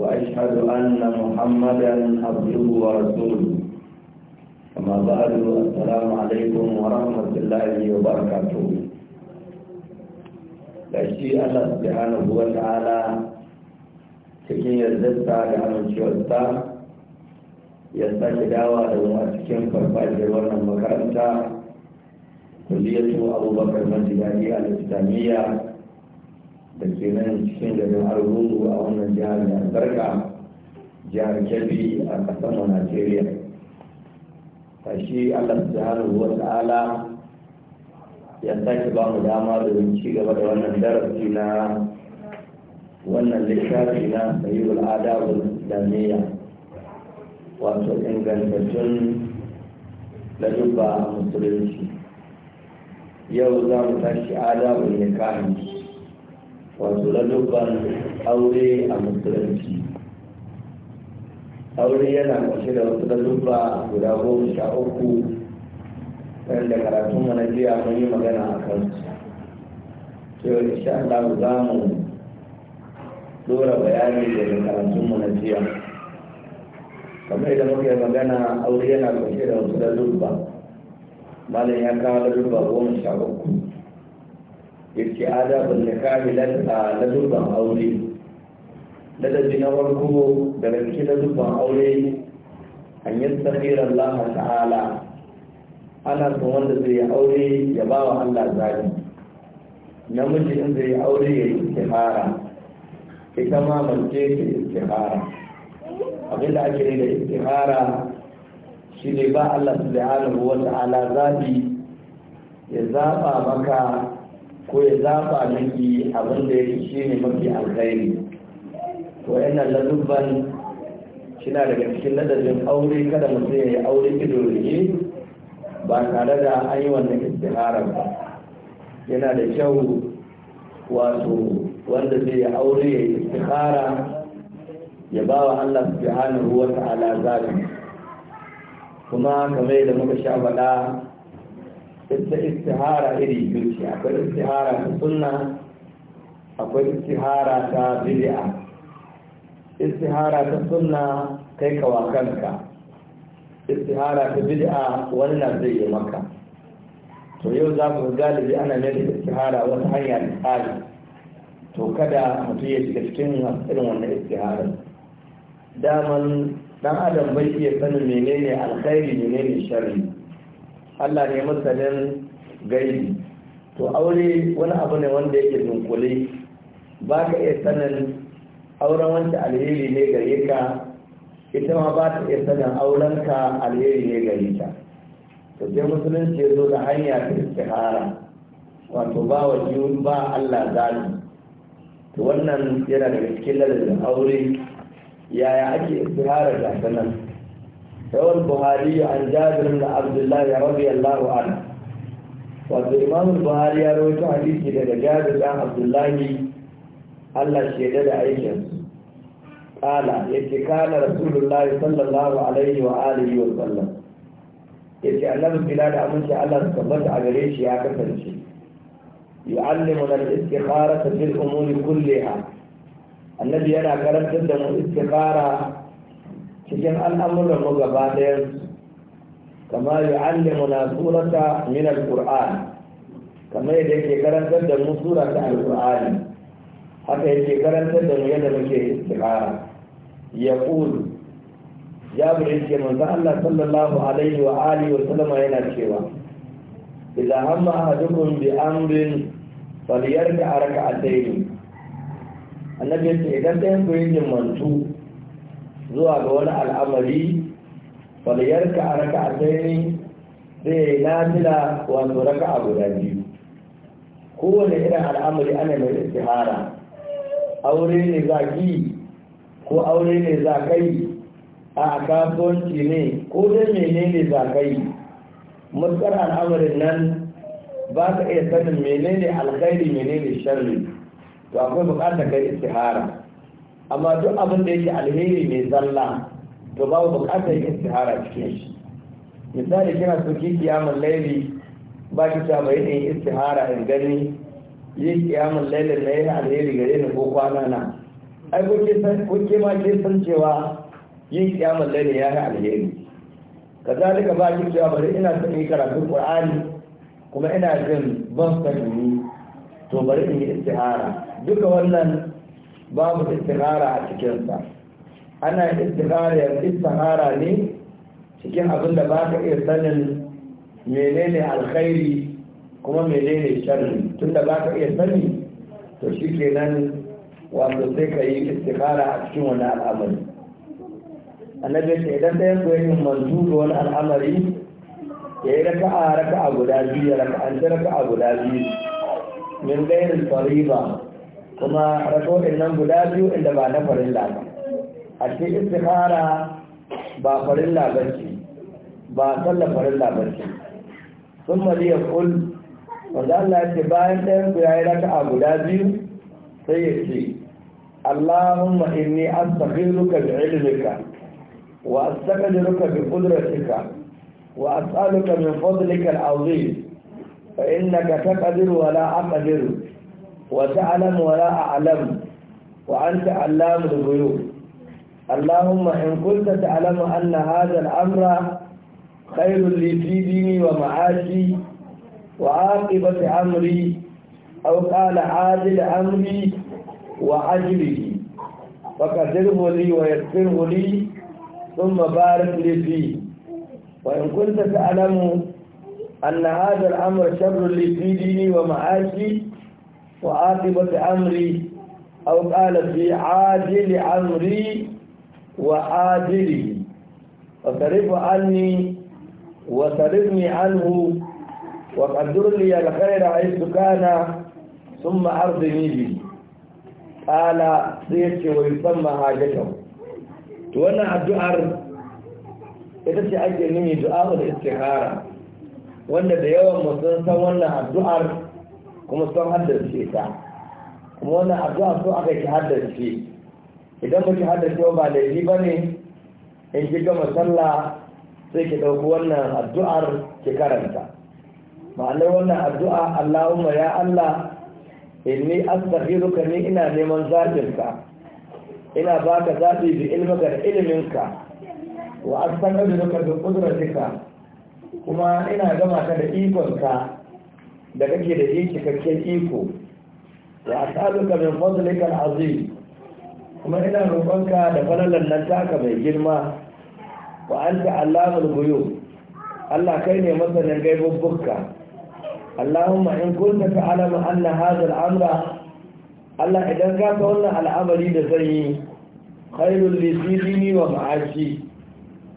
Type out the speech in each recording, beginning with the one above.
وأشهد أن محمدا عبده ورسوله أما بعد السلام عليكم ورحمة الله وبركاته gashi Allah subhanahu wa ta'ala cikin yardarsa da amincewarsa ya sake dawa da wani a cikin farfajiyar wannan makaranta kulliyatu abubakar majidadi a islamiyya da ke nan cikin garin argungu a wannan jihar mai albarka jihar kebbi a ƙasar nigeria najeriya shi allah subhanahu wa ta'ala ya sake ba mu dama da ci gaba da wannan darasi na wannan littafi na sayyidul adabul islamiyya wato ingantattun ladubba musulunci yau za mu tashi adabul nikahi wato ladubban aure a musulunci aure yana kwashe da wasu ladubba guda goma sha uku wanda karatun mana jiya mun yi magana a kansu cewa insha Allah za mu dora bayani daga karatun mana jiya kamar idan muke magana aure yana kwashe da wasu ladubba malam ya kawo ladubba goma sha uku yake adabin da kamilan a na dubban aure ladabi na farko da cikin na dubban aure an yi tsakiyar Allah ta'ala ana son wanda zai yi aure ya ba wa Allah zaɓi namiji in zai yi aure ya yi istihara ita ma mace ta istihara abin da ake da istihara shi ne ba Allah subhanahu wa ta'ala zaɓi ya zaɓa maka ko ya zafa miki abinda ya shi ne mafi alkhairi to yana ladubban shina daga cikin ladabin aure kada mutum ya yi aure ido rike ba tare da an yi wannan istiharar ba yana da kyau wato wanda zai yi aure ya yi istihara ya ba wa Allah subhanahu wa ta'ala zaɓi kuma kamar da muka sha faɗa ita istihara iri biyu ce akwai istihara ta sunna akwai istihara ta bid'a istihara ta sunna kai kawa kanka istihara ta bid'a wannan zai yi maka to yau za mu galibi ana mai da istihara wata hanya da tsari to kada mutum ya shiga cikin irin wannan istihara daman dan adam bai iya sanin menene alkhairi menene sharri Allah ne masanin gaibi to aure wani abu ne wanda yake dunkule ba ka iya sanin auren wanda alheri ne gare ka ita ma ba ta iya sanin aurenka alheri ne gare ta to sai musulunci ya zo da hanya ta istihara wato ba wa ba Allah zalu to wannan yana da cikin ladabin aure yaya ake istihara da sanan روى البخاري عن جابر بن عبد الله رضي الله عنه والإمام البخاري روى حديث إلى جابر بن عبد الله الله شهد عيشا قال يتي كان رسول الله صلى الله عليه وآله وسلم يتي أنه بلاد أمنشي الله على ريش يا كفرشي يعلمنا الاستخارة في الأمور كلها النبي أنا كرمت له الاستخارة cikin al'amuran mu gaba ɗayan kama yu'allimuna surata min al-qur'an kamar yadda yake karantar da mu surata al-qur'ani haka yake karantar da mu yadda muke istiqara ya buri ce manzo Allah sallallahu alaihi wa alihi wa sallama yana cewa idza hamma ahadukum bi amrin falyarka arka'atayn annabi ce idan ɗayan ku yin mantu zuwa ga wani al'amari yarka a raka a sai zai nafila wato raka a guda biyu kowane irin al'amari ana mai istihara aure ne za ki ko aure ne za kai a kasuwanci ne ko dai ne za kai matsar al'amarin nan ba ka iya sanin ne alkhairi ne sharri to akwai bukatar kai istihara amma duk abin da yake alheri mai zalla to babu bukatar istihara cikin shi misali kina so ki kiyamun laili ba ki ta bai yin istihara in gani yi kiyamun laili na yin alheri gare ni ko kwana na ai ko ke ma ke san cewa yin kiyamun laili ya yi alheri kazalika ba ki cewa bari ina son yi karatun qur'ani kuma ina jin ban sani to bari in yi istihara duka wannan babu istikhara a cikinsa ana istikhara istikhara ne cikin abin da ba ka iya sanin menene alkhairi kuma menene sharri da ba ka iya sani to shi kenan wato sai ka yi istikhara a cikin wani al'amari annabi ce idan ɗayan ku yin mantu da wani al'amari ya yi raka'a a guda biyu ya raka'anci a guda biyu min gairin fariba kuma rakoɗin nan guda biyu inda ba na farilla ba a ce istikhara ba farilla ba ce ba sallar farilla ba ce sun ya kul wanda Allah ce bayan ɗayan ku ya yi a guda biyu sai ya ce Allahumma inni astaghfiruka bi ilmika wa astaqdiruka bi qudratika wa as'aluka min fadlika al-azim fa innaka taqdiru wa la aqdiru وتعلم ولا أعلم وأنت علام الغيوب اللهم إن كنت تعلم أن هذا الأمر خير لي في ديني ومعاشي وعاقبة أمري أو قال عادل أمري وعجله فقدره لي ويسره لي ثم بارك لي فيه وإن كنت تعلم أن هذا الأمر شر لي في ديني ومعاشي وعاقبة أمري أو قال في عاجل أمري وعاجله وصرف عني وصرفني عنه وقدر لي الخير حيث كان ثم أرضني به قال سيتي ويسمى حاجته وانا الدعاء إذا أجل مني دعاء الاستخارة da ديوان wanda da yawan kuma sun haddace ta kuma wannan addu'a so aka ki haddace idan ba ki haddace ba yi ba ne in ki gama sallah sai ki ɗauki wannan addu'ar ki karanta ma'anar wannan addu'a Allahumma ya Allah inni astaghfiruka ni ina neman zaɓinka ina baka zaɓi bi ilmaka da iliminka wa astaghfiruka bi qudratika kuma ina gama ka da ikonka da kake da yin cikakken iko wa as'aluka min fadlika al'azim kuma ina roƙonka da falalan nan taka mai girma wa anta allamul ghuyub Allah kai ne masanin gaibubbukka Allahumma in kunta ta'lamu anna hadha al-amra Allah idan ka ta wannan al'amari da zan yi khairul li sidini wa ma'ashi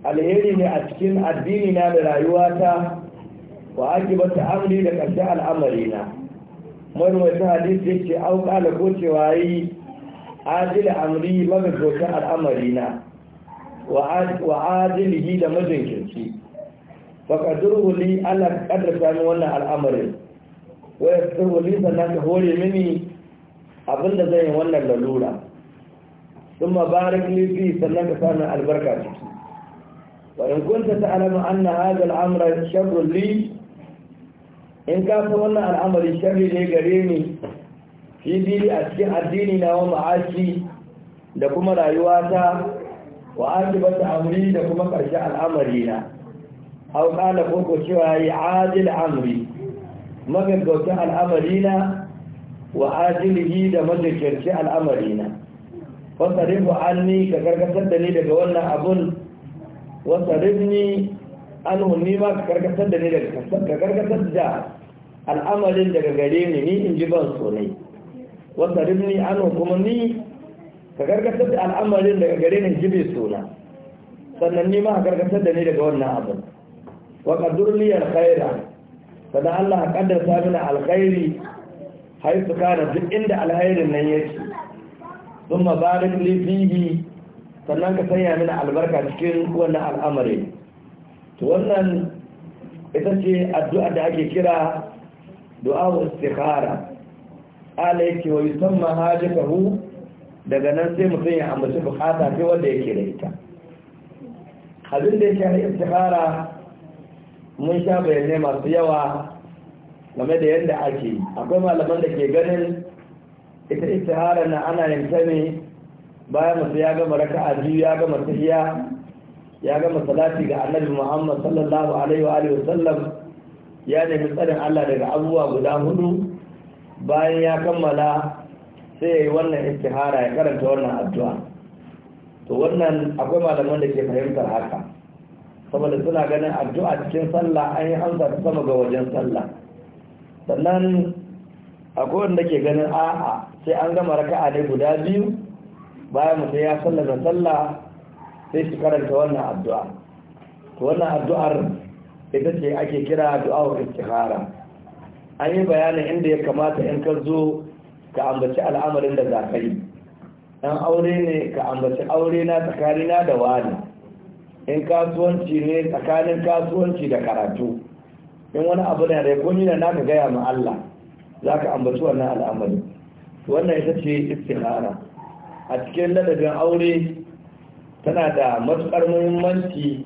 alheri ne a cikin addini na da rayuwata wa bata amri da ƙarshen al'amarina marwata hadisi ce an ƙala ko cewa yi ajil amri magagautar al'amarina wa yi da majinkirci faƙadurhu li ala ƙaddasa sami wannan al'amarin waya sun wuli sannan ka hore mini abinda zai yi wannan lalura sun mabarik lifi sannan ka sami albarka ciki wa in kunta ta alama an na hajjal amra sharrun li in ka wannan al'amari sharri ne gare ni fi bili a cikin addini na wa ma'ashi da kuma rayuwata wa bata amri da kuma ƙarshe al'amari na hauka da koko cewa ya yi adil amri magaggauta al'amari na wa ajilihi da majakirci al'amari na an ni ka karkatar da ni daga wannan abun wasarifni anhu ni ba ka karkatar da ni daga ka karkatar da al'amarin daga gare ni ni in ji ban so ne wata ribni anhu kuma ni ka karkatar da al'amarin daga gare ni ji bai sona sannan ni ma ka karkatar da ni daga wannan abin wa qadurli al-khaira sannan Allah ya kaddarta mini alkhairi haisu kana duk inda alkhairin nan yake thumma barik li fihi sannan ka sanya mini albarka cikin wannan al'amarin. to wannan ita ce addu'a da ake kira wa istikhara ala yake wa yusamma Kahu, daga nan sai mutum ya ambaci bukata sai wanda yake da ita abin da yake shari istikhara mun sha bayanai masu yawa game da yadda ake akwai malaman da ke ganin ita istikhara na ana yin ta ne bayan mutum ya gama raka'a biyu ya gama tafiya ya gama salati ga annabi muhammad sallallahu alaihi wa alihi wasallam ya nemi tsarin allah daga abubuwa guda hudu bayan ya kammala sai ya yi wannan istihara ya karanta wannan addu'a to wannan akwai malaman da ke fahimtar haka saboda suna ganin addu'a cikin sallah an yi amsa sama ga wajen sallah sannan akwai wanda ke ganin a'a sai an gama raka'a ne guda biyu bayan mutum ya sallah sallah sai shi karanta wannan addu'a to wannan addu'ar ita ce ake kira addu'ar istihara an yi bayanin inda ya kamata in ka zo ka ambaci al'amarin da za ka yi ɗan aure ne ka ambaci aure na na da wani in kasuwanci ne tsakanin kasuwanci da karatu in wani abu na da yi na naka gaya ma Allah za ka ambaci wannan al'amari wannan ita ce istihara a cikin ladabin aure tana da matuƙar muhimmanci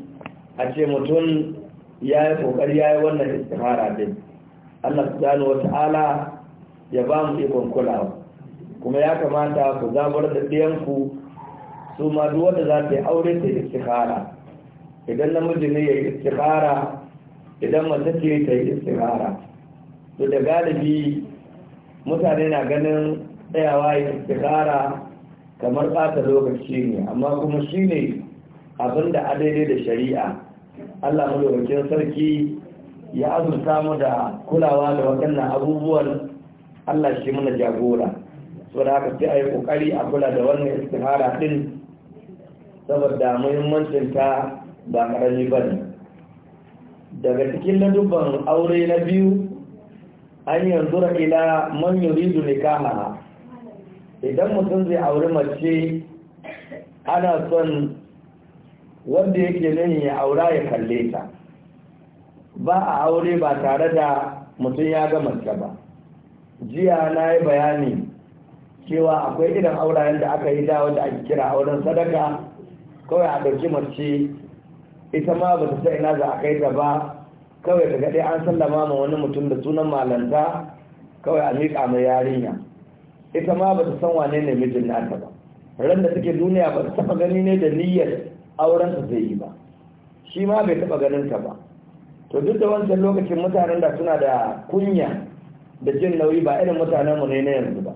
a ce mutum ya yi ƙoƙari ya yi wannan istihara din Allah gano wata'ala ya ba mu ikon kulawa kuma ya kamata ku zabar da ɗiyanku su ma duk wanda za ta yi aure ta istihara idan namiji ne ya yi istihara idan mace ce ta yi istihara to da galibi mutane na ganin tsayawa ya istihara kamar ɓata lokaci ne amma kuma shi ne abin da adaidai da shari'a allah malaukakin sarki ya azurta mu da kulawa da waɗannan abubuwan allah shi mana jagora so da haka sai a yi ƙoƙari a kula da wannan istihara ɗin saboda muhimmancinta ba ƙarami ba ne daga cikin ladubban aure na biyu an yanzu manyan man yuridu nikaha idan mutum zai auri mace ana son wanda yake nan ya aura ya kalle ta ba a aure ba tare da mutum ya ga mace ba jiya na yi bayani cewa akwai irin aurayen da aka yi da wanda ake kira auren sadaka kawai a ɗauki mace ita ma ba ta ina za a kai ta ba kawai ta gaɗe an sallama ma wani mutum da sunan malanta kawai a miƙa mai yarinya ita ma ba ta san wane ne mijin nata ba ran da take duniya ba ta taba gani ne da niyyar auren ta zai yi ba shi ma bai taba ganin ta ba to duk da wancan lokacin mutanen da suna da kunya da jin nauyi ba irin mutanen mu ne na yanzu ba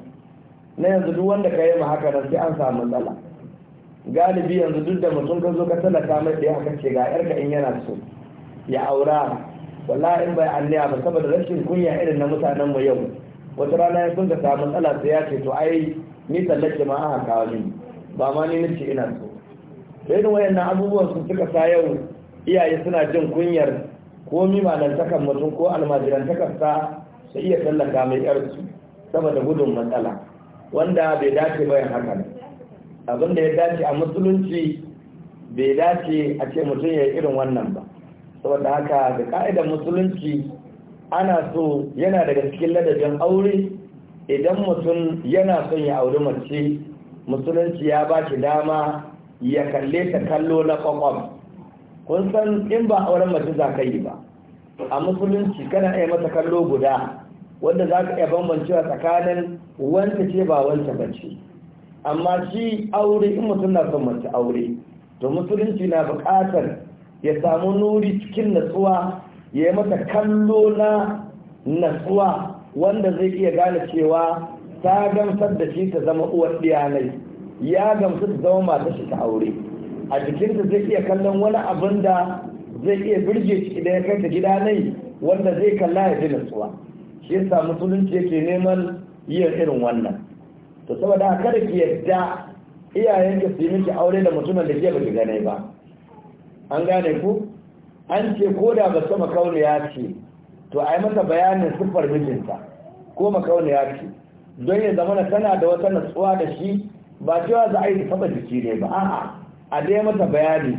na yanzu duk wanda ka yi ma haka nan sai an samu matsala galibi yanzu duk da mutum ka zo ka talaka mai ɗaya haka ce ga yarka in yana so ya aura wallahi in bai anniya ba saboda rashin kunya irin na mutanen mu yau wata rana ya kunga ta matsala sai ya ce to ai ni tsallake ma aka kawo ni ba ma ni nace ina so da irin wayannan abubuwan su suka sa yau iyaye suna jin kunyar ko mimalantakan mutum ko almajirantakarsa sa su iya tallaka mai yarsu saboda gudun matsala wanda bai dace bayan haka abin da ya dace a musulunci bai dace a ce mutum ya yi irin wannan ba saboda haka da ka'idar musulunci ana so yana daga cikin ladabin aure idan mutum yana son ya auri mace musulunci ya ba shi dama ya kalle ta kallo na kwakwam kun san in ba auren mace za ka yi ba a musulunci kana iya mata kallo guda wanda za ka iya bambancewa tsakanin wanta ce ba wanta bace amma shi aure in mutum na son mace aure to musulunci na bukatar ya samu nuri cikin natsuwa ya yi masa kallo na natsuwa wanda zai iya gane cewa ta gamsar da shi ta zama uwar ɗiyanai ya gamsu ta zama mata shi ta aure a jikinta zai iya kallon wani abin da zai iya birge shi idan ya kai ta gida nai wanda zai kalla ya ji natsuwa shi yasa musulunci yake neman yin irin wannan to saboda kada ki yadda iyayenki su yi miki aure da mutumin da ke baki gane ba an gane ku an ce ko da ba sama kauniya ce to a yi mata bayanin siffar mijinta ko makauniya ce don ya zama na tana da wata natsuwa da shi ba cewa za a yi taɓa jiki ne ba a'a a dai mata bayani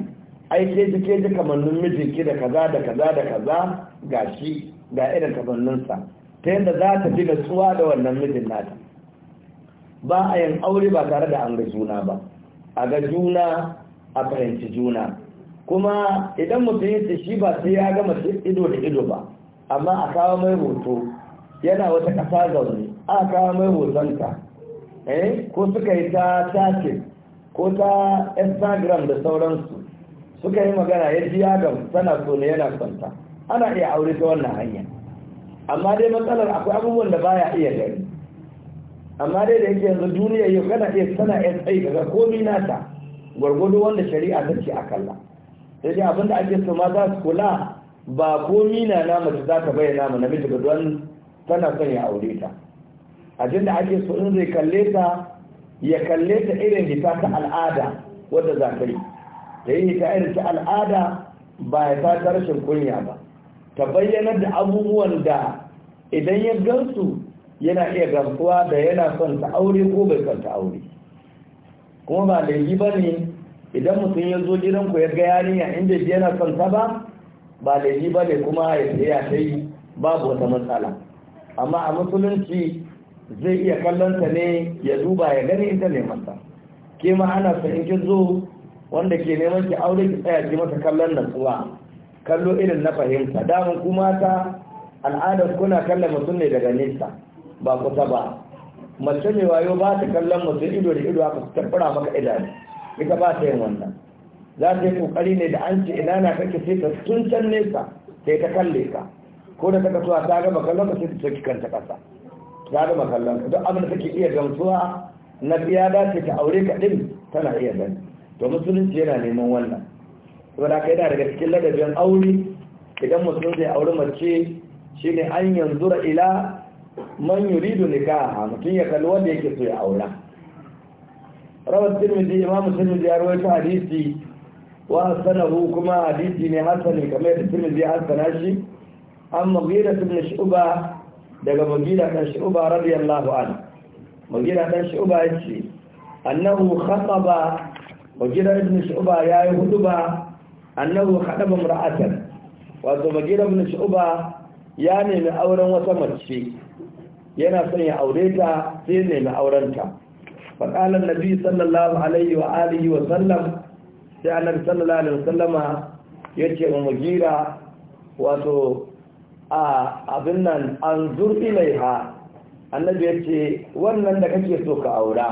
ai ke ji ke ji kamannin mijinki da kaza da kaza da kaza ga shi ga irin kamanninsa ta yadda za ta ji natsuwa da wannan mijin nata ba a yin aure ba tare da an ga juna ba a ga juna a fahimci juna kuma idan mutum ya ce shi ba sai ya gama ido da ido ba amma a kawo mai hoto yana wata ƙasa zaune a kawo mai hotonta, eh ko suka yi ta tace ko ta instagram da sauransu suka yi magana ya ji ya gamu tana so ne yana kwanta ana iya aure ta wannan hanya amma dai matsalar akwai abubuwan da baya iya gani amma dai da yake yanzu duniya yau kana iya tana ya tsayi daga komi nata gwargwado wanda shari'a ta ce a kalla sai dai abinda ake so ma za su kula ba komi na nama mace za ta bayyana ma namiji ba don tana son ya aure ta da ake so in zai kalle ta ya kalle ta irin hita ta al'ada wadda za ta yi ta yi hita irin ta al'ada ba ya ta ta rashin kunya ba ta bayyana da abubuwan da idan ya gansu yana iya gamsuwa da yana son ta aure ko bai son ta aure kuma ba laifi ba ne idan mutum ya zo gidanku ya ga yarinya inda shi yana son ta ba ba laifi ba ne kuma ya tsaya ta yi babu wata matsala amma a musulunci zai iya kallonta ne ya duba ya gani ita ne masa ke ma ana son in ki zo wanda ke neman ki aure ki tsaya ki masa kallon na tsuwa kallo irin na fahimta daman ku mata al'adar kuna kallon mutum ne daga nesa ba kusa ba mace mai wayo ba ta kallon mutum ido da ido aka su tabbara maka idanu ita ba ta yin wannan za ta yi kokari ne da an ce ina na kake sai ta tun can nesa sai ta kalle ka ko da taka tuwa ta gama kallon ka sai ta soki kanta kasa ta gama kallon ka duk abin da take iya gamsuwa na biya dace ta aure ka din tana iya gani to musulunci yana neman wannan da kai da daga cikin ladabin aure idan musulun zai aure mace shine an ra ila man yuridu nikaha mutum ya kalli wanda yake so ya aura rawar tirmidhi imamu tirmidhi ya rawaito hadisi wa hasanahu kuma hadisi ne hasani kamar yadda tirmidhi ya hasana shi amma mughira ibn shu'ba daga mughira dan shu'ba radiyallahu anhu mughira dan shu'ba yace annahu khataba mughira ibn shu'ba yayi huduba annahu khataba imra'atan wato mughira ibn shu'ba ya nemi auren wata mace yana son ya aure ta sai nemi aurenta فقال النبي صلى الله عليه وآله وسلم sai annabi sallallahu alaihi wasallama yace wato a abin nan anzur ilaiha annabi yace wannan da kake so ka aura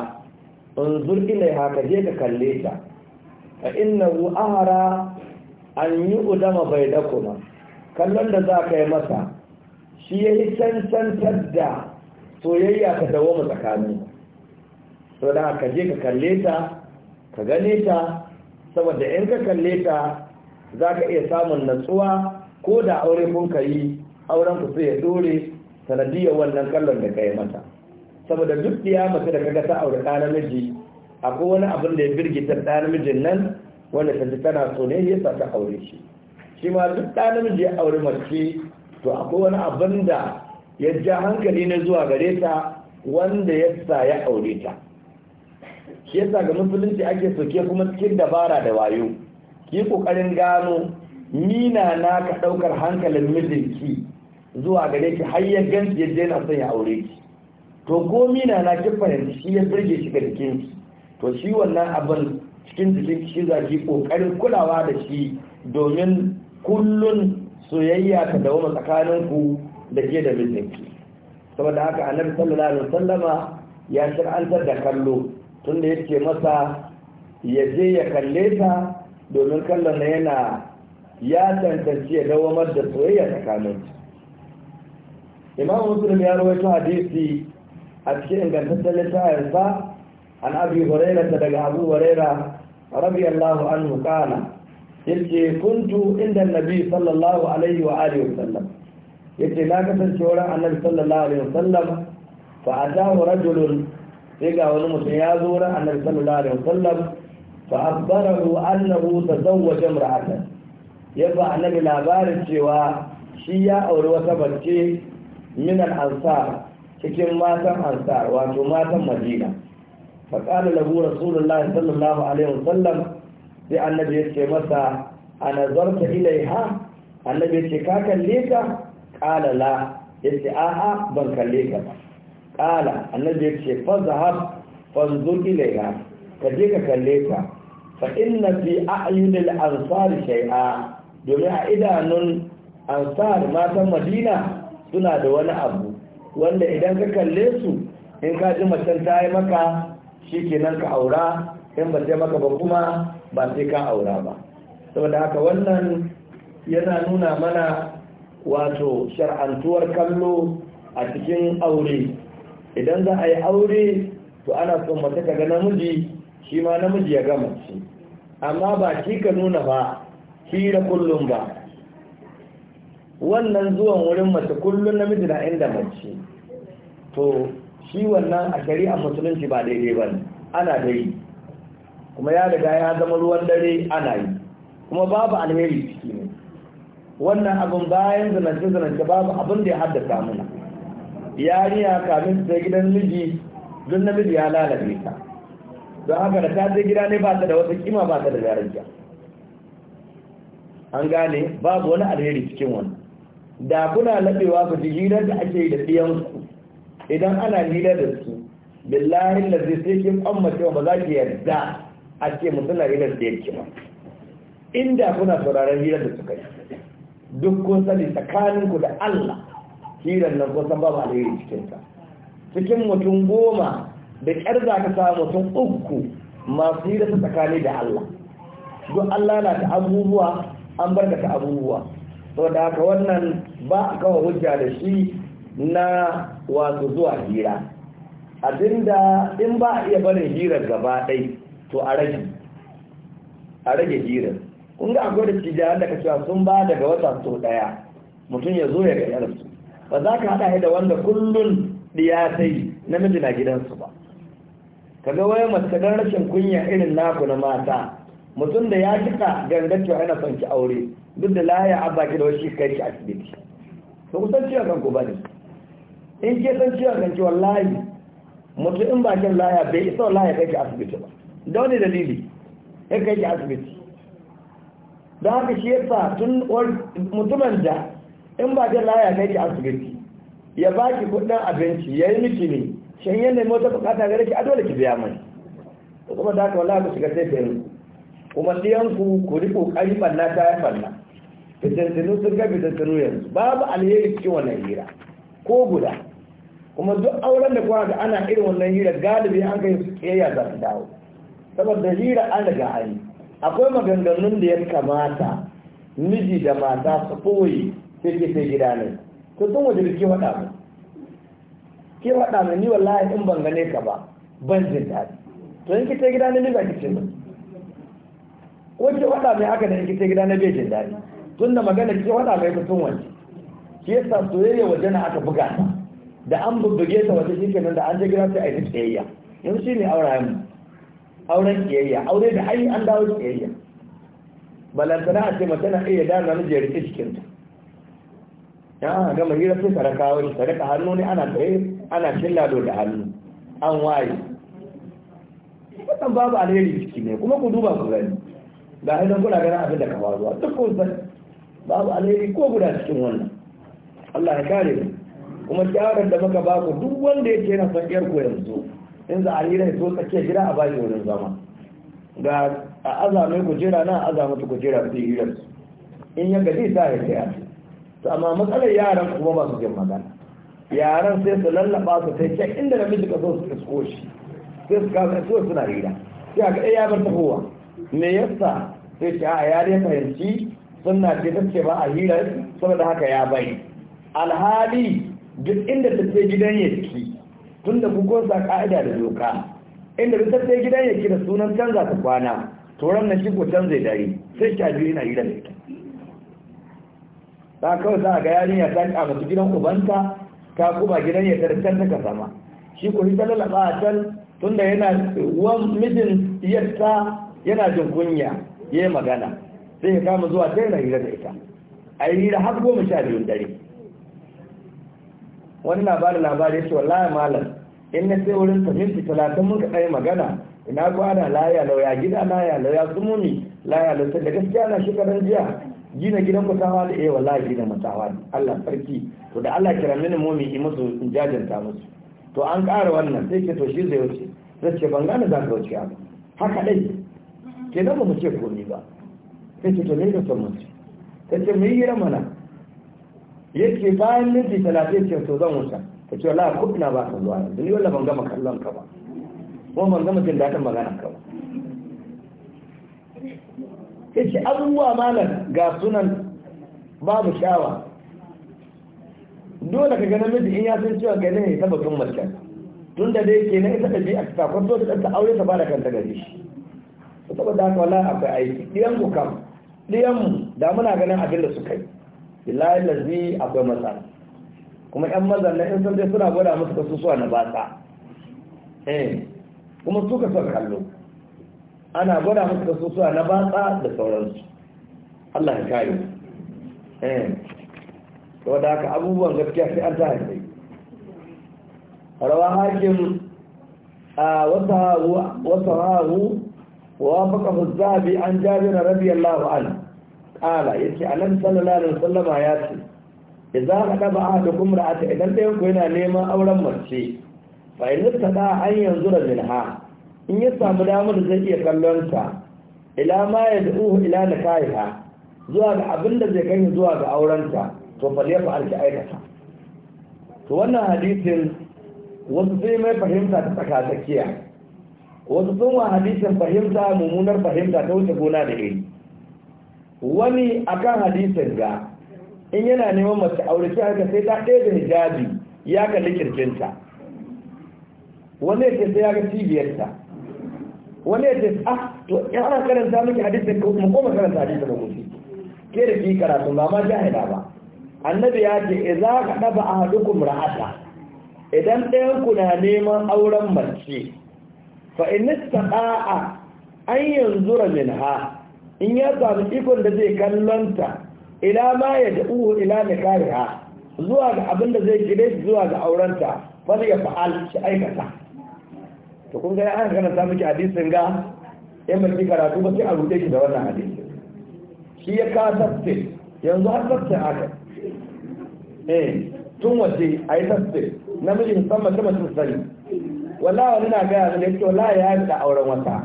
anzur ilaiha ka je ka kalle ta fa innahu ahara an yu'dama bainakuma kallon da za ka masa shi yayi cancantar da soyayya ka dawo mu tsakanin sau da ka je ka kalle ta ka gane ta saboda in ka kalle ta za ka iya samun natsuwa ko da aure kun ka yi auren ku sai ya dore sanadiyar wannan kallon da ka yi mata saboda duk diya mace da ga ta aure ɗa namiji akwai wani abin da ya birgita ɗa namijin nan wanda ta ji tana so ne ya sa ta aure shi shi ma duk ɗa namiji ya aure mace to akwai wani abin da ya ja hankali na zuwa gare ta wanda ya sa ya aure ta shi yasa ga musulunci ake soke kuma cikin dabara da wayo ki kokarin gano mina na ka daukar hankalin mijinki zuwa gare ki har ya ganci ya je son ya aure ki to ko mina na ki fahimci shi ya burge shi ga jikin to shi wannan abin cikin jikin shi za zaki kokarin kulawa da shi domin kullun soyayya ta dawo tsakanin ku da ke da mijinki saboda haka annabi sallallahu alaihi wasallama ya shir'antar da kallo tunda yake masa ya je ya kalle ta domin kallon na yana ya tantance ya dawamar da soyayya tsakanin imam muslim ya rawaito hadisi a cikin ingantaccen littafin sa an abi hurairah daga abu hurairah radiyallahu anhu kana yace kuntu inda nabi sallallahu alaihi wa alihi wasallam yace na kasance wurin annabi sallallahu alaihi wasallam fa atahu rajulun sai ga wani mutum ya zo ran annabi sallallahu alaihi wasallam fa akhbarahu annahu tazawwaja imra'atan ya ba annabi labarin cewa shi ya auri wata bace min al-ansar cikin matan ansar wato matan madina fa qala lahu rasulullahi sallallahu alaihi wasallam sai annabi ya ce masa anazarta ilaiha annabi ya ce ka kalle ka qala la yace a'a ban kalle ka ba ƙala annabi ya ce fa fanzu ilaiha ka je ka kalle ta fa inna fi a'yunil ansar shay'a domin a idanun ansar matan madina suna da wani abu wanda idan ka kalle su in ka ji macen ta yi maka shikenan ka aura in ba ta maka ba kuma ba sai ka aura ba saboda haka wannan yana nuna mana wato shar'antuwar kallo a cikin aure idan za a yi aure to ana son mace ta ga namiji shi ma namiji ya gama mace amma ba shi ka nuna ba hira kullum ba wannan zuwan wurin mace kullum namiji na inda mace to shi wannan a shari'a musulunci ba daidai ba ana yi kuma ya riga ya zama ruwan dare ana yi kuma babu alheri ciki ne wannan abin bayan zinance zinance babu abin da ya haddasa mana yariya kamin ta gidan miji don namiji ya lalace ta don haka da ta je gida ne ba ta da wata kima ba ta da daraja an gane babu wani alheri cikin wani. da kuna labewa ku ji hirar da ake da ɗiyanku idan ana hirar da su billahi da zai sai kin cewa ba za ki yarda a ce mu suna hirar da yake ba inda kuna sauraron hirar da suka yi duk kun sani tsakaninku da Allah hirar nan kusan ba ba cikin cikinta cikin mutum goma da ƙyar za ka samu mutum uku masu hira su tsakani da Allah duk Allah na ta abubuwa an bar ta abubuwa da haka wannan ba a kawo hujja da shi na wasu zuwa hira abinda in ba a iya barin hirar gaba ɗai to a rage a rage hirar kun ga akwai da cijiyar da ka cewa sun ba daga wata sau ɗaya mutum ya zo ya ga yarsu ba za ka haɗa da wanda kullum da ya yi namiji na gidansu ba ka ga waya masu don rashin kunya irin naku na mata mutum da ya kika gangacewa yana son ki aure duk da laya a baki da wasu kai ki asibiti ba ku san ciwon kanku ba ne in ke san ciwon kanki wallahi mutum in bakin laya bai isa wallahi kai ki asibiti ba da wani dalili ya kai ki asibiti don haka shi yasa tun mutumin da in ba jan laya kai ki asibiti ya baki kudin abinci yayi miki ne shin ne mota bukata gare ki a dole ki biya mai to kuma da haka wallahi ku shiga sai ku kuma diyan ku ku ri kokari balla ta ya balla fitantinu sun ga fitantinu yanzu babu alheri cikin wannan hira ko guda kuma duk auren da kuma ana irin wannan hira galibi an kai su za su dawo saboda hira an daga ayi akwai maganganun da ya kamata miji da mata su koyi sai ke sai gida ne to tun waje da ke wada mu ke wada mu ni wallahi in ban gane ka ba ban jin daɗi to in ki sai gida ne ni ba ki ce ba ko ke waɗa mai aka da in ki sai gida ne bai jin daɗi tun da magana ke waɗa mai tun waje ke sa soyayya waje na aka buga ta da an bubbuge ta waje shi kenan da an je gida sai a yi ta tsayayya yanzu shi ne aurayen mu auren tsayayya aure da ai an dawo tsayayya balantana a ce mace na iya dana namiji ya rike cikinta ya gama hira sai ka rakawo shi ka raka hannu ne ana tsaye ana shillado da hannu an waye wannan babu alheri ciki ne kuma ku duba ku gani ga hannun kuna ganin abin da ka faruwa duk kun san babu alheri ko guda cikin wannan Allah ya kare mu kuma shawarar da muka ba ku duk wanda yake yana son ƴar ku yanzu in za a hira ya so tsakiyar gida a bashi wurin zama ga a azame ku jira na azame ku jira su yi in ya gaji sa ya kai to amma matsalar yaran kuma ba su jin magana yaran sai su lallaba su sai can inda namiji ka so su isko shi sai su kasa su suna rira sai aka ɗaya bar tafowa me yasa sai ce a yare fahimci sunna ce ta ce ba a hira saboda haka ya bai alhali duk inda ta ce gidan yaki tun da ku sa ka'ida da doka inda ta ce gidan yaki da sunan canza ta kwana to ran na shi ko canza dare sai shi a biyu na hira da ita ta kawai za a ga yarinya ta mutu gidan ubanta ta kuma gidan ya tarkar ta kasama shi ko ta ba a can tunda yana wan mijin yadda yana jin kunya yayi magana sai ya kama zuwa ta yana hira da ita a yi hira har goma sha biyun dare wani labarin labari ya ce wallahi malam in na sai wurin ta minti talatin mun ɗaya magana ina kwana laya lauya gida laya lauya sumuni laya lauta da gaskiya na shekaran jiya gina gidan mutawa da eh la gina mutawa Allah sarki to da Allah kira mini momi yi musu in jajanta musu to an ƙara wannan sai ke to shi zai wuce zai ce ban gane za ka wuce ba haka dai ke da mu ce komai ba sai ce to ne da son mutu ta ce mu yi gira mana yake bayan minti talatin ce to zan wuce ta ce wala ku ina ba ka zuwa yanzu ni wala ban gama kallon ka ba kuma ban gama jin daɗin magana ka ba ya ce abubuwa malam ga sunan babu shawa dole ka ga namiji in ya san cewa gani ne ta bakin mace tun da dai kenan ita ɗabi a takwas so ta aure ta bada kanta gari shi ta saboda haka wala akwai aiki ɗiyan ku kam ɗiyan mu da muna ganin abin da suka yi billahi lazi akwai matsa kuma ƴan mazan na in san dai suna gwada musu suwa na ta eh kuma su ka son kallo ana gwada musu sosuwa na batsa da sauransu Allah ya kare eh wadda haka abubuwan gaskiya sai an tashi dai rawa hakim a wata hahu wa faka zabi an jabir radiyallahu anhu qala yace alam sallallahu alaihi wasallam ya ce idza hada ahadukum ra'ata idan dai ku yana neman auren mace fa in tada an yanzu minha in ya samu damar da zai iya kallon ta ila ma ya da'uhu ila da kayiha zuwa ga abin da zai kai zuwa ga aurenta to fa ya fa alki aikata to wannan hadisin wasu sai mai fahimta ta tsaka tsakiya wasu sun wa hadisin fahimta mummunar fahimta ta wuce gona da iri wani akan hadisin ga in yana neman mace aure shi haka sai ta ɗaya da hijabi ya kalli kirkinta wani ya ce sai ya ga cibiyarta wani ya ce ah to ya ana karanta miki hadisin ko kuma koma karanta hadisin da kuke ke da fi karatu ba ma jahila ba annabi ya ce idza daba ahadukum ra'ata idan ɗayan ku na neman auren mace fa in istata'a an yanzura minha in ya samu ikon da zai kallonta ila ma ya da'uhu ila nikahiha zuwa ga abinda zai gire zuwa ga aurenta fa ya fa'al shi aikata to kun ga an kana samu ki hadisin ga ba ki karatu ba sai a rute shi da wannan hadisi shi ya ka tafsir yanzu har tafsir haka eh tun waje a yi tafsir namiji musamman ta mutum sani wala wani na gaya ne to wala ya yi da auren wata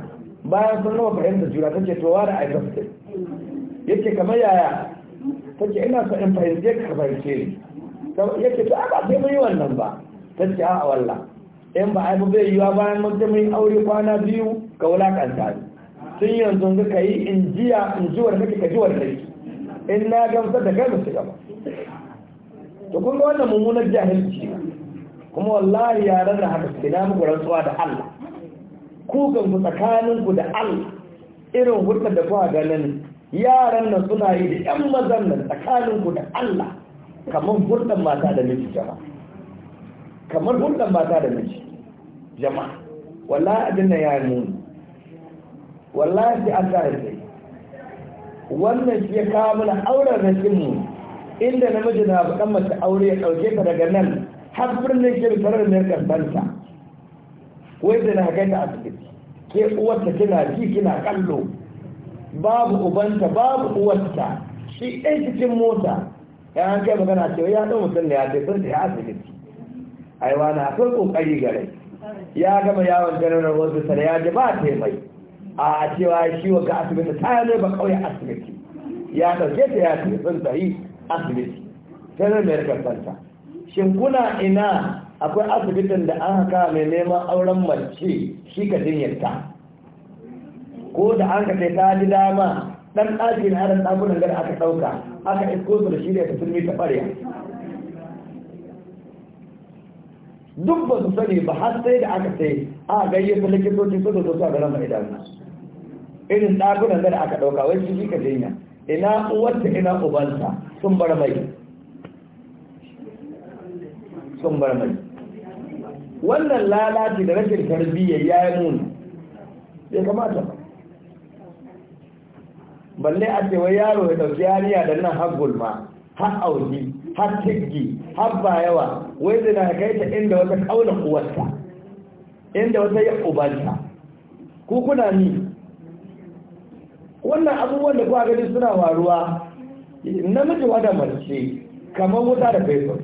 bayan sun nawa fahimta juna take to wa da a yi tafsir yake kamar yaya take ina so in fahimce ka fahimce ni yake to a ba sai mun yi wannan ba ce a'a wallahi in ba ai zai yiwa bayan mutumin aure kwana biyu ga wulakanta tun yanzu ka yi in jiya in jiwar kake ka jiwar kake in na gamsar da gamsar su gaba to kun ga wannan mummunar jahilci kuma wallahi yaran da haka suke namu gurin tsawa da Allah ku kan ku tsakanin ku da Allah irin hulɗar da kuwa ganin yaran nan suna yi da 'yan mazan nan tsakanin ku da Allah kamar hulɗar mata da miji jama'a kamar hulɗan mata da miji jama'a wallahi abin da ya nuni wallahi sai an tsara sai wannan shi ya kawo mana auren mu, inda namiji na bukan mace aure ya ɗauke ta daga nan har birnin shirin tarar mai kasanta wai da na kai ta asibiti ke uwarta kina ji kina kallo babu ubanta babu uwarta shi ɗan cikin mota ya an kai magana cewa ya ɗan mutum da ya ce sun da ya asibiti aiwa na akwai kokari gare ya gama yawon janarar wasu sana ya ji ba ta mai a cewa shi wa ga asibiti ta yi ba kawai asibiti ya ɗauke ta ya ce sun tsari asibiti ta zai mai kasanta. shin kuna ina akwai asibitin da an haka mai neman auren mace shi ka jinyarta ko da an ka ta ji dama ɗan ɗaki na ɗan ɗakunan gada aka ɗauka aka isko su da shi ne ta fi ta ɓarya duk ba su sani ba har sai da aka sai a gayyata likitoci su da su a garin mai damuna irin ɗakunan da aka ɗauka wai su shi ka jinya ina uwarta ina ubanta sun bar mai sun bar mai wannan lalaci da rashin tarbiyyar ya yi muni ya kamata ba balle a cewa yaro ya ɗauki yariya da nan har gulma har auki har tiggi har ba yawa wai zina kai ta inda wata kaula kuwarta inda wata yi ubanta ku kuna ni wannan abubuwan da kuwa gani suna waruwa namiji wada mace kamar wuta da fetur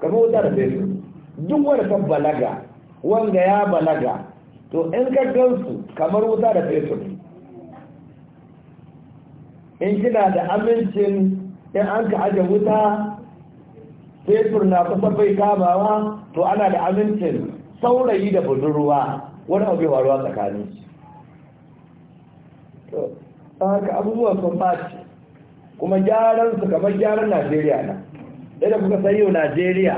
kamar wuta da fetur duk wani ta balaga wanda ya balaga to in ka gansu kamar wuta da fetur in kina da amincin in an ka aje wuta fetur na kuma bai kamawa to ana da amincin saurayi da budurwa wani abu bai faruwa tsakanin to haka abubuwan sun baci kuma gyaran su kamar gyaran najeriya na idan kuka san yau najeriya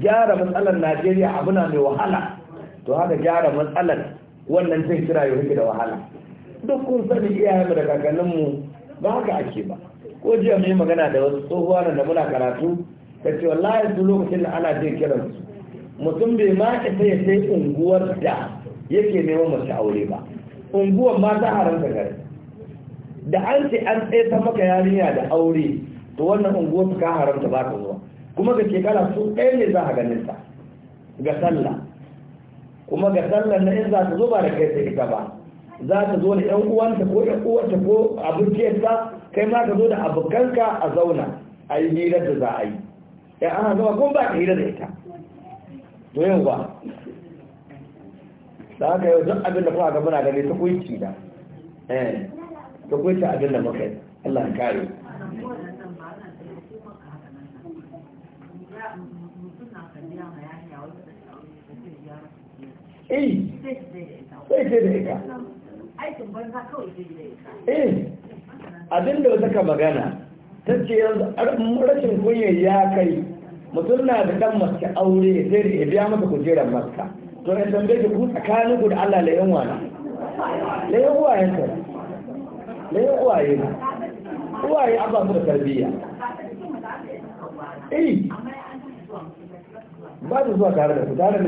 gyara matsalar najeriya abu na mai wahala to haka gyara matsalar wannan zai kira yau da wahala duk kun sani iyayenmu da kakanninmu ba haka ake ba ko jiya mai magana da wasu tsohuwa da muna karatu ta ce wallahi su lokacin da ana jin kiran su mutum bai ma sai ya sai unguwar da yake neman mace aure ba unguwar ma ta haramta gare da an ce an tsaye maka yarinya da aure to wannan unguwar ka haramta ba ta zuwa kuma ga shekara su ɗaya ne za a ganin ta ga sallah kuma ga sallah na in za ta zo ba da kai sai ita ba za ta zo da yan uwanta ko yan uwanta ko abokiyarta kai ma ka zo da abokanka a zauna a yi hirar da za a yi ya ana zama kuma ba ka hirar da ita to yau ba da haka yau duk abin da kuma ga muna gani ta ci da eh ta ci abin da muka yi Allah ya kare Eh, sai sai da ita. abinda eh, abin da suka magana ta ce yanzu rashin kunya ya kai mutum na da dan maske aure sai da ya biya masa kujerar maska to ya tambaye ki ku tsakanin ku da Allah la yan wana la yan uwaye ta la yan uwaye na uwaye an ba su da tarbiyya eh ba su zuwa tare da su tare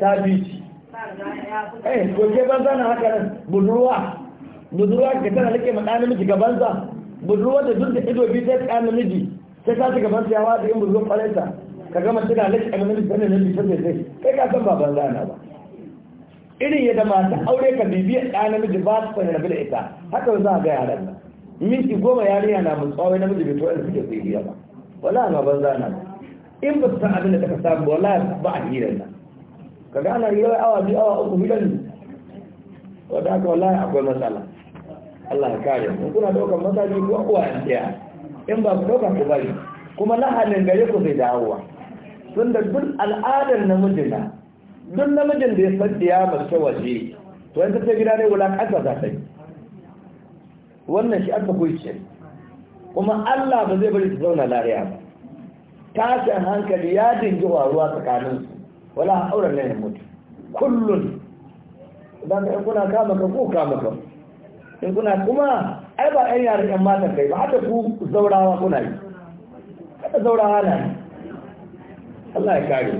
da ta bi eh goge banza na haka nan budurwa budurwa ke tana lake ma ɗan namiji gabansa budurwa da duk da ido biyu ta ɗan namiji sai ta shiga bansa yawa da yin budurwa ƙwararsa ka gama da lake ɗan namiji tana namiji ta sai sai kai ka san ba banza na ba irin yadda masu aure ka bibiya ɗan namiji ba su sanya rabu da ita haka za a ga yaran nan minti goma yariya na mun tsawai namiji bai da suke tsibiya ba wala ma banza na in ba su san abin da ta ka samu wala ba a hirar nan ka gana riwaya awa biyu awa uku hidan wadda aka wallahi akwai matsala Allah ya kare mu kuna daukar masaji ko kuwa an tsaya in ba ku dauka ku bari kuma lahanin gare ku zai dawowa tun da duk al'adar namijin na duk namijin da ya ya mace waje to yanzu ta gida ne kasa za ta yi wannan shi aka kuce kuma Allah ba zai bari su zauna lariya ba tashin hankali ya dingi waruwa tsakaninsu wala auren ya mutu kullun idan ka kuna kama ka ko kama ka in kuna kuma ai ba ai yar ɗan mata kai ba haka ku zaurawa kuna yi kada zaurawa na Allah ya kare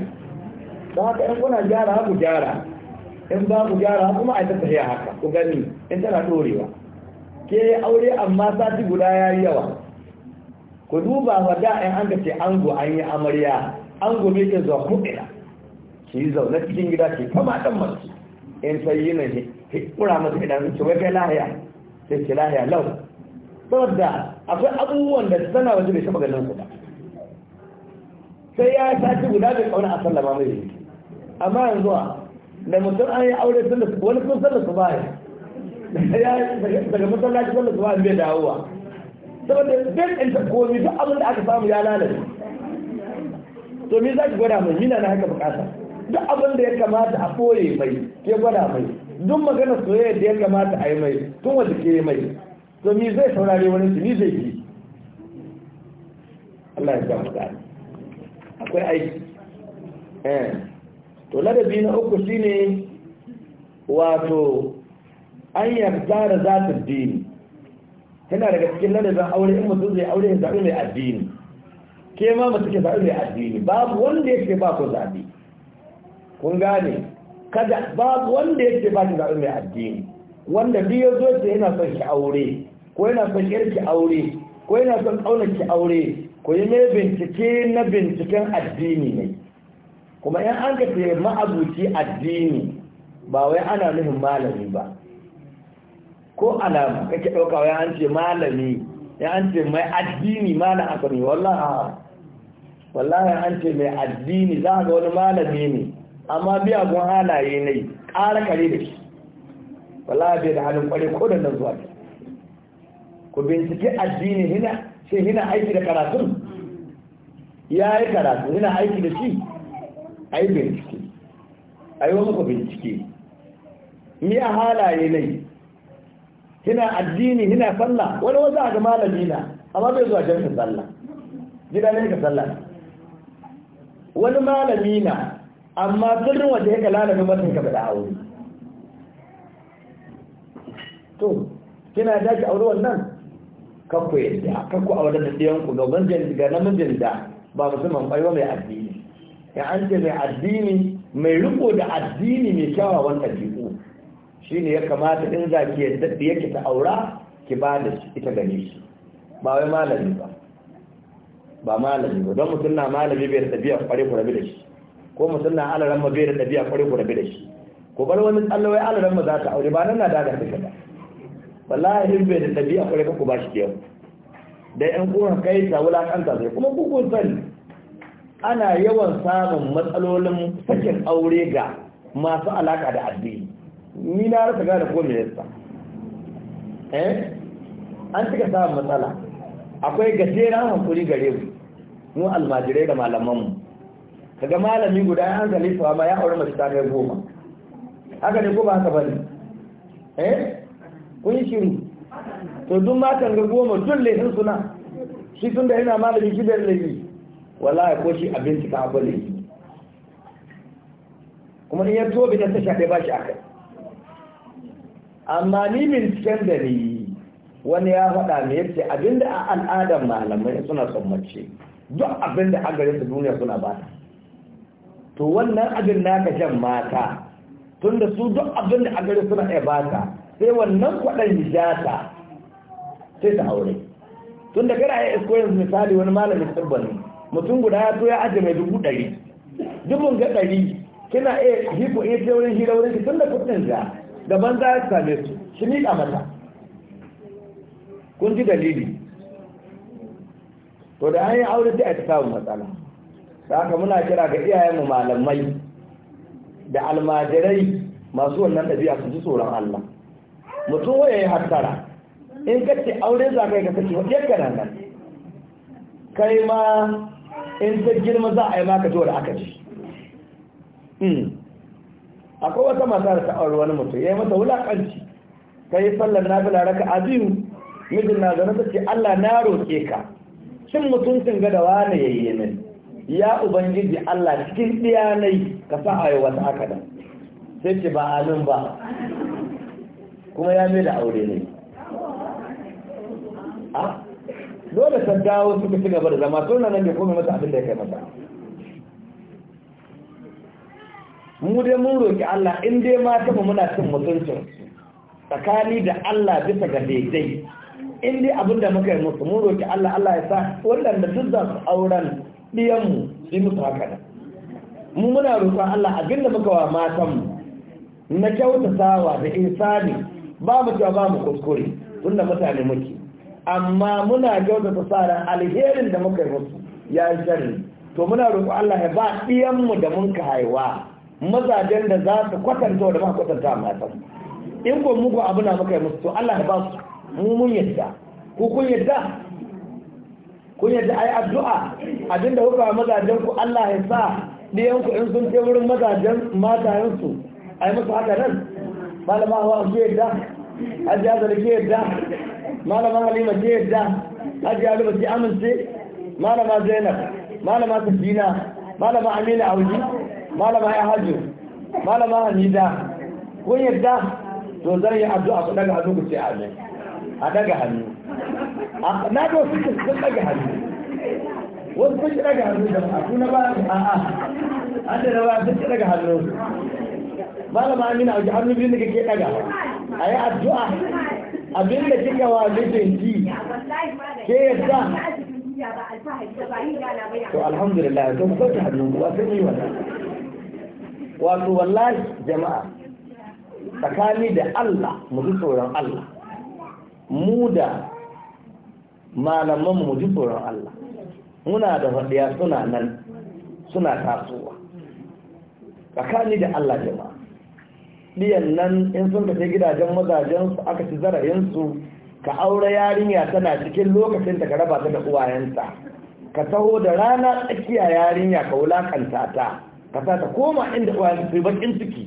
don haka in kuna gyara ku gyara in ba ku gyara kuma a ta tafiya haka ku gani in tana ɗorewa ke aure amma sati guda ya yi yawa ku duba wa da an ka ce ango an yi amarya ango me ke zuwa kuɗina ki yi zaune cikin gida ki kama dan mace in sai yi ne kura masa idan ki wai kai lahiya sai ki lahiya lau saboda akwai abubuwan da sana waje bai taba ganin su sai ya sace guda bai kauna a sallama mai yi amma yanzu a da mutum an yi aure sun da wani sun da su baya daga masallaci da su baya bai dawowa saboda duk in ta komi duk abin da aka samu ya lalace to me za ki gwada mai yi na haka bukata duk abin da ya kamata a ɓoye mai ke gwada mai duk magana soyayya da ya kamata a yi mai tun wanda ke mai to ni zai saurare wani su ni zai yi Allah ya sa mu gani akwai aiki eh to ladabi na uku shine wato an yarda da zatin dini yana daga cikin ladabin aure in mutum zai aure ya zaɓi mai addini ke ma mutum ke zaɓi mai addini babu wanda ya ce ba ku zaɓi kun gane kada babu wanda yake ba shi zaɓi mai addini wanda duk ya zo ce yana son ki aure ko yana son ki aure ko yana son ƙaunar ki aure ko yi mai bincike na binciken addini ne kuma in an ka ce ma'abuci addini ba wai ana nufin malami ba ko alama kake ɗauka wai an ce malami ya an ce mai addini malam aka ne wallahi an ce mai addini za ga wani malami ne amma abun halaye ne ƙara kare da shi wala bai da halin kwarai ko da nan zuwa ta? ku bincike addini hina sai hina aiki da karatu ya yi karatu hina aiki da shi a yi bincike a yi ku bincike ni a halaye ne hina addini hina sallah wani wasu a ga da na amma bai zuwa jamsin sallah gida ne ka sallah wani malami na amma sirrin wanda ya kalala da matan ka da aure to kina da ki aure wannan ku yadda ku aure da ɗayan ku domin ga mijin da ba musamman baiwa mai addini ya an ce mai addini mai riko da addini mai kyawawan ɗabi'u shine ya kamata in za ki yadda da yake ta aura ki ba da ita gare shi ba wai malami ba ba malami ba don mutum na malami bai da ɗabi'a kware ku da shi ko mu na alaran mu bai da ɗabi'a kwarai ku bi da shi ku bar wani tsalle wai alaran mu za ta aure ba nan na daga da kada wallahi in bai da ɗabi'a kwarai ku ba shi ke da ƴan uwan kai ta ta sai kuma ku kun sani ana yawan samun matsalolin sakin aure ga masu alaka da addini ni na rasa gane ko yasa eh an cika samun matsala akwai gajeren hankuri gare mu mu almajirai da malamanmu kaga malami guda ya hankali su amma ya aure mace ta kai goma haka ne ko ba haka bane eh kun shiru to duk matan ga goma duk laifin suna shi tun da yana malami shi bai laifi wallahi ko shi abinci ka akwai laifi kuma in ya tobe da tasha ɗaya ba shi akai amma ni binciken da ni wani ya faɗa mai yace abinda a al'adar malamai suna son mace duk abinda a garin su duniya suna ba ta to wannan abin naka jan mata tunda su duk abin da a gari suna iya sai wannan kwaɗan jata sai ta aure tun da gara ya isko yanzu misali wani malamin tsibbani mutum guda ya to ya aji mai dubu ɗari dubun ga ɗari kina iya hiko iya ce wurin hira wurin tun da kuɗin ja gaban za ya same su shi miƙa mata kun ji dalili to da an yi aure sai a ta samun matsala haka muna kira ga iyayenmu malamai da almajirai masu wannan ɗabi'a su ji tsoron Allah mutum waya yi hattara in ka ce aure za ka yi ka kace wajen ka nan kai ma in ta girma za a yi maka jiwa da aka ji hmm. akwai wata mata da ta wani mutum ya yi mata wulaƙanci ta yi sallar na bila raka a biyu mijin na zaune ta ce Allah na roƙe ka cin mutuncin gadawa ne ya yi min ya ubangiji Allah cikin diyanai ka sa a yi wata akadan sai ce ba amin ba kuma ya mai da aure ne a dole ta dawo suka ci gaba da zama sun nan ne kuma mata abin da ya kai mata mu dai mun roki Allah in dai mata mu muna cin mutuncin tsakani da Allah bisa ga daidai in dai abin da muka yi musu mun roki Allah Allah ya sa waɗanda duk za su auren ɗiyanmu sai musu haka da mu muna rufa Allah abinda muka wa mu na kyautatawa da insani ba mu ba mu kuskure tunda mutane muke amma muna kyautata sa alherin da muka yi musu ya yi shari to muna roƙo Allah ya ba ɗiyanmu da mun ka haiwa mazajen da za su kwatanta da ba kwatanta matan in ko muku abu na muka yi musu to Allah ya ba su mu mun yadda ku kun yadda kun yadda ai addu'a abinda kuka mazajen ku Allah ya sa ni ku in sun je wurin mazajen matayen su ai musu haka nan malama hawa ku yadda hajji azal ke yadda malama halima ke yadda hajji halima ki amince malama zainab malama sabina malama amina auji malama ya hajji malama hamida kun yadda to zan yi addu'a ku daga hannu ku ce amin a daga hannu na ga wasu sun daga hannu wasu sun daga hannu da a kuna ba a a an da rawa sun daga hannu ma amina a hannu biyu da kake daga a yi addu'a abin da kika wa mijin ji ke yadda to alhamdulillah to kwanci sauke hannu ba sun yi wannan wato wallahi jama'a tsakani da Allah mu tsoron Allah mu da malaman mu ji tsoron Allah muna da faɗiya suna nan suna tasowa tsakani da Allah jama'a ɗiyan nan in sun ka gidajen mazajensu aka ci zarayensu ka aure yarinya tana cikin lokacin da ka raba ta da uwayenta ka taho da rana tsakiya yarinya ka wulakanta ta ka sa ta koma inda uwayenta su bakin ciki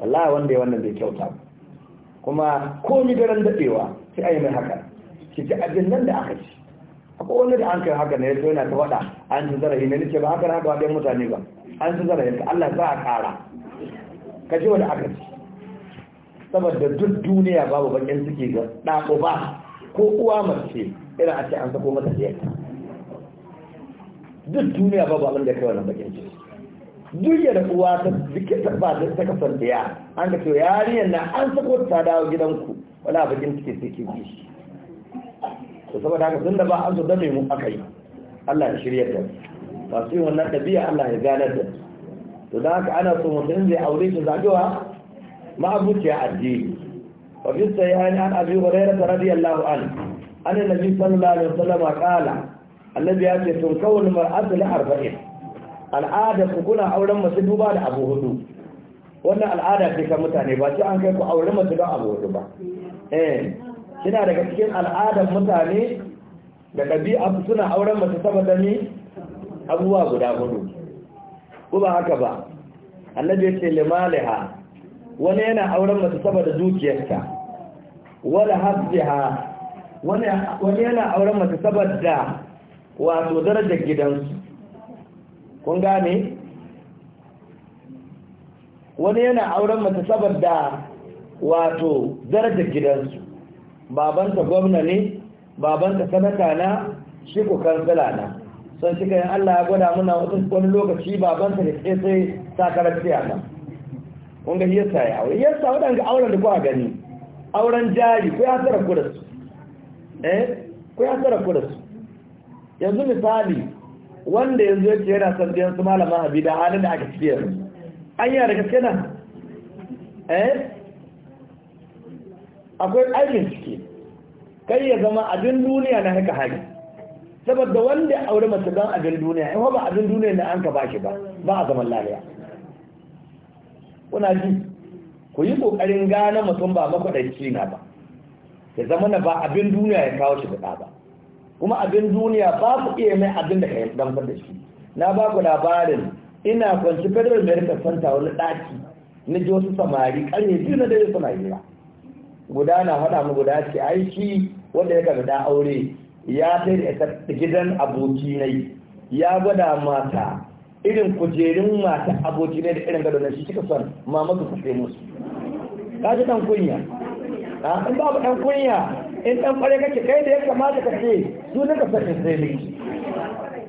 wallahi wanda ya wannan bai kyauta kuma komi daren daɗewa sai a yi mai haka ki ji abin nan da aka ci akwai wani da an kai haka ne ya yana ta wada an ci zarafi ne nace ba haka na haka mutane ba an ci zarafi ka Allah za a ƙara ka ji wani aka ci saboda duk duniya babu bakin suke ga ɗaƙo ba ko uwa mace irin a ce an sako mata ɗiyarta duk duniya babu abin da kai wannan bakin ciki duk da uwa ta jikin ta ba ta kasar da ya an ka cewa yariyar na an sako ta dawo gidanku wala jin cikin suke ji shi to aka haka da ba an so mai mu aka yi Allah ya shirya da ba su wannan tabiya Allah ya ganar da su da haka ana so mutum zai aure shi zagewa ma'abuciya addini wa fi sayyani an abi hurairah radiyallahu anhu an bi sallallahu alaihi wasallam qala annabi ya ce tun kawul mar'atu li arba'in al'adar ku kuna auren masu duba da abu hudu wannan al'ada ce ka mutane ba ce an kai ku aure masu don abu hudu ba eh kina daga cikin al'adar mutane da ɗabi'a su suna auren masu saboda ni abubuwa guda hudu ko ba haka ba annabi ya ce limaliha wani yana auren masu saboda dukiyarta wala hasbiha wani yana auren masu saboda wato darajar gidansu kun gane wani yana auren mace saboda wato darajar gidansu babanta gwamna ne babanta sanata na shi ku kansila na sun shi kayan Allah ya gwada muna wani lokaci babanta da ke sai takarar siyasa kun yi yasa ya aure yasa waɗanda auren da kuwa gani auren jari ku ya tsara ku eh ku ya tsara kudasu yanzu misali wanda yanzu yake yana son biyan su malama habi da halin da aka ciki su an yi da gaske nan eh akwai aikin ciki kai ya zama abin duniya na haka hali saboda wanda ya aure mace don abin duniya in ba abin duniya na an ka ba shi ba ba a zaman lafiya kuna ji ku yi kokarin gane mutum ba makwadanci na ba ya zama na ba abin duniya ya kawo shi da ba kuma abin duniya ba ku iya mai abin da ka yi gamsar da shi na ba ku labarin ina kwanci federal america center wani daki na ji wasu samari ƙarfe biyu na dare suna hira guda na hada mu guda ce ai shi wanda ya karɓi da aure ya kai da gidan aboki na yi ya gwada mata irin kujerun mata aboki ne da irin gado na shi kika son mamaka ku sai musu ka ji ɗan kunya ah, in babu ɗan kunya in ɗan ƙware kake kai da ya kamata ka ce sunan ka sanin sai ne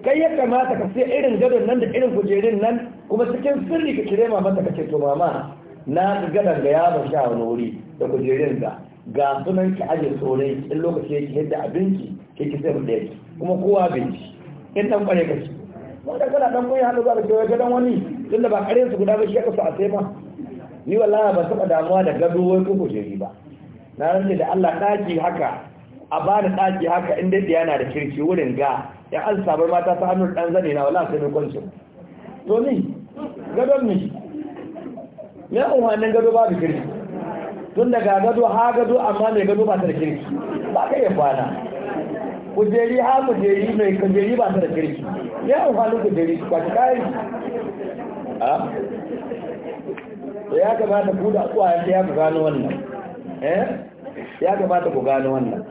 kai ya kamata ka sai irin gadon nan da irin kujerun nan kuma cikin sirri ka kire ma mata kace to mama na gadon ga ba sha wani da kujerun da ga sunan ki aje tsorai in lokaci yake yadda abinci ke ki sai da yake kuma kowa binci in ɗan ƙware kake da kana dan koyi hannu da ka wani tunda ba kare su guda ba shi ka kasu a sai ba ni wallahi ba taɓa damuwa da gado wai ko kujeri ba na rantsa da Allah ɗaki haka a bani ɗaki haka in dai yana da kirki wurin ga ya an sabar mata ta hannun ɗan zane na wala sai mai kwanci to ni gadon ni ya umarnin gado ba da kirki tun daga gado ha gado amma mai gado ba ta da kirki ba ka yi kwana kujeri ha kujeri mai kujeri ba ta da kirki ya umarnin kujeri ba ta kayan a ah? da ya kamata ku da kuwa ya gano wannan Eh? ya kamata ku gano wannan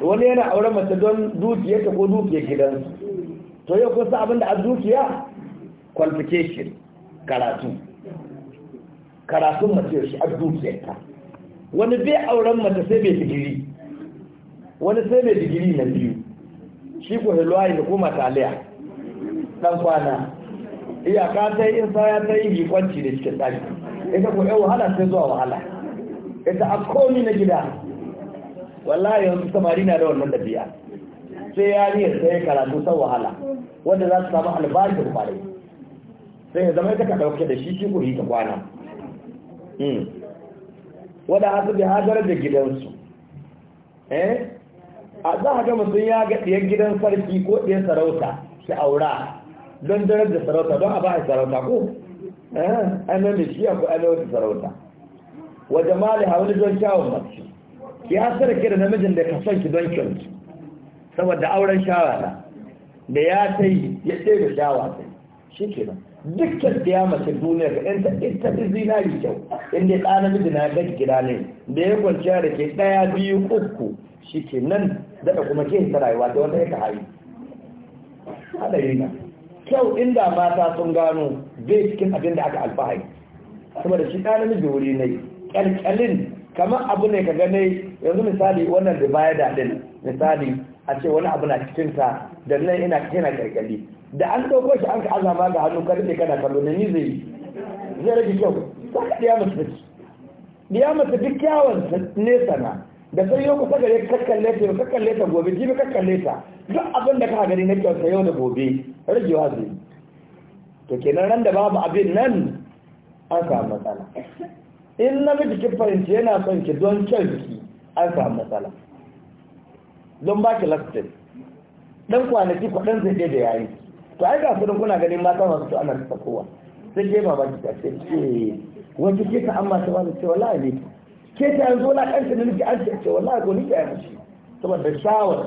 wani yana auren mace don ta ko dukiya gidansu to yau kusa abin da a dukiya qualification karatu karatun mace shi a ta wani bai auren mace sai mai digiri wani sai mai digiri na biyu shi ko hilwayi da kuma taliya dan kwana iyaka ta yi in sa ya ta yi kwanci da cikin ɗaki ita ko yau wahala sai zuwa wahala ita a komi na gida wallahi yanzu samari na da wannan dabi'a sai ya yariyar sai karatu sau wahala wanda za su samu albashin kwarai sai ya zama ita ka ɗauke da shi shi kuri ta kwana hmm. wadda hasu bi hajar da gidansu eh a za a ga mutum ya ga ɗiyar gidan sarki ko ɗiyar sarauta shi aura don darar da sarauta don a ba a sarauta ko eh an nan da shi ku ainihin sarauta Wajen jamaliha wani don kyawun mace ki sarki da namijin da ka son ki don kyau saboda auren shawara da ya ta yi ya da shawa ta shi ke nan dukkan da ya mace duniya ga ɗan ta ta zinari kyau inda ya ɗana na ga gida ne da ya kwanciya da ke ɗaya biyu uku shi ke nan daga kuma ke ta rayuwa da wanda ya ka hayi haɗari na kyau inda mata sun gano zai cikin abin da aka alfahari saboda shi ɗa miji wuri na yi kyalkyalin kamar abu ne ka gane yanzu misali wannan da baya daɗin misali a ce wani abu na cikin sa da nan ina kina kyalkyali da an ɗauko shi an ka azama ga hannu ka rike kana kallo ne ni zai zai rage kyau ko ka ɗiya masu duk ɗiya masu duk kyawun nesa na da sai yau kusa gare ka kalle ta ka kalle ta gobe jibi ka kalle ta duk abin da ka gani na kyau sai yau da gobe wa zai to kenan ran da babu abin nan an samu matsala in namiji ki fahimci yana son ki don kyan ki an samu matsala don ba ki lastin dan kwanaki kwaɗan zai da yayi to ai ga su don kuna ganin mata masu su ana rasa kowa sai ke ba baki ta ke wata ke ta amma ta wani ce cewa ne ke ta yanzu wala kanta ne nake an ce cewa wallahi ko ni ta yi saboda shawar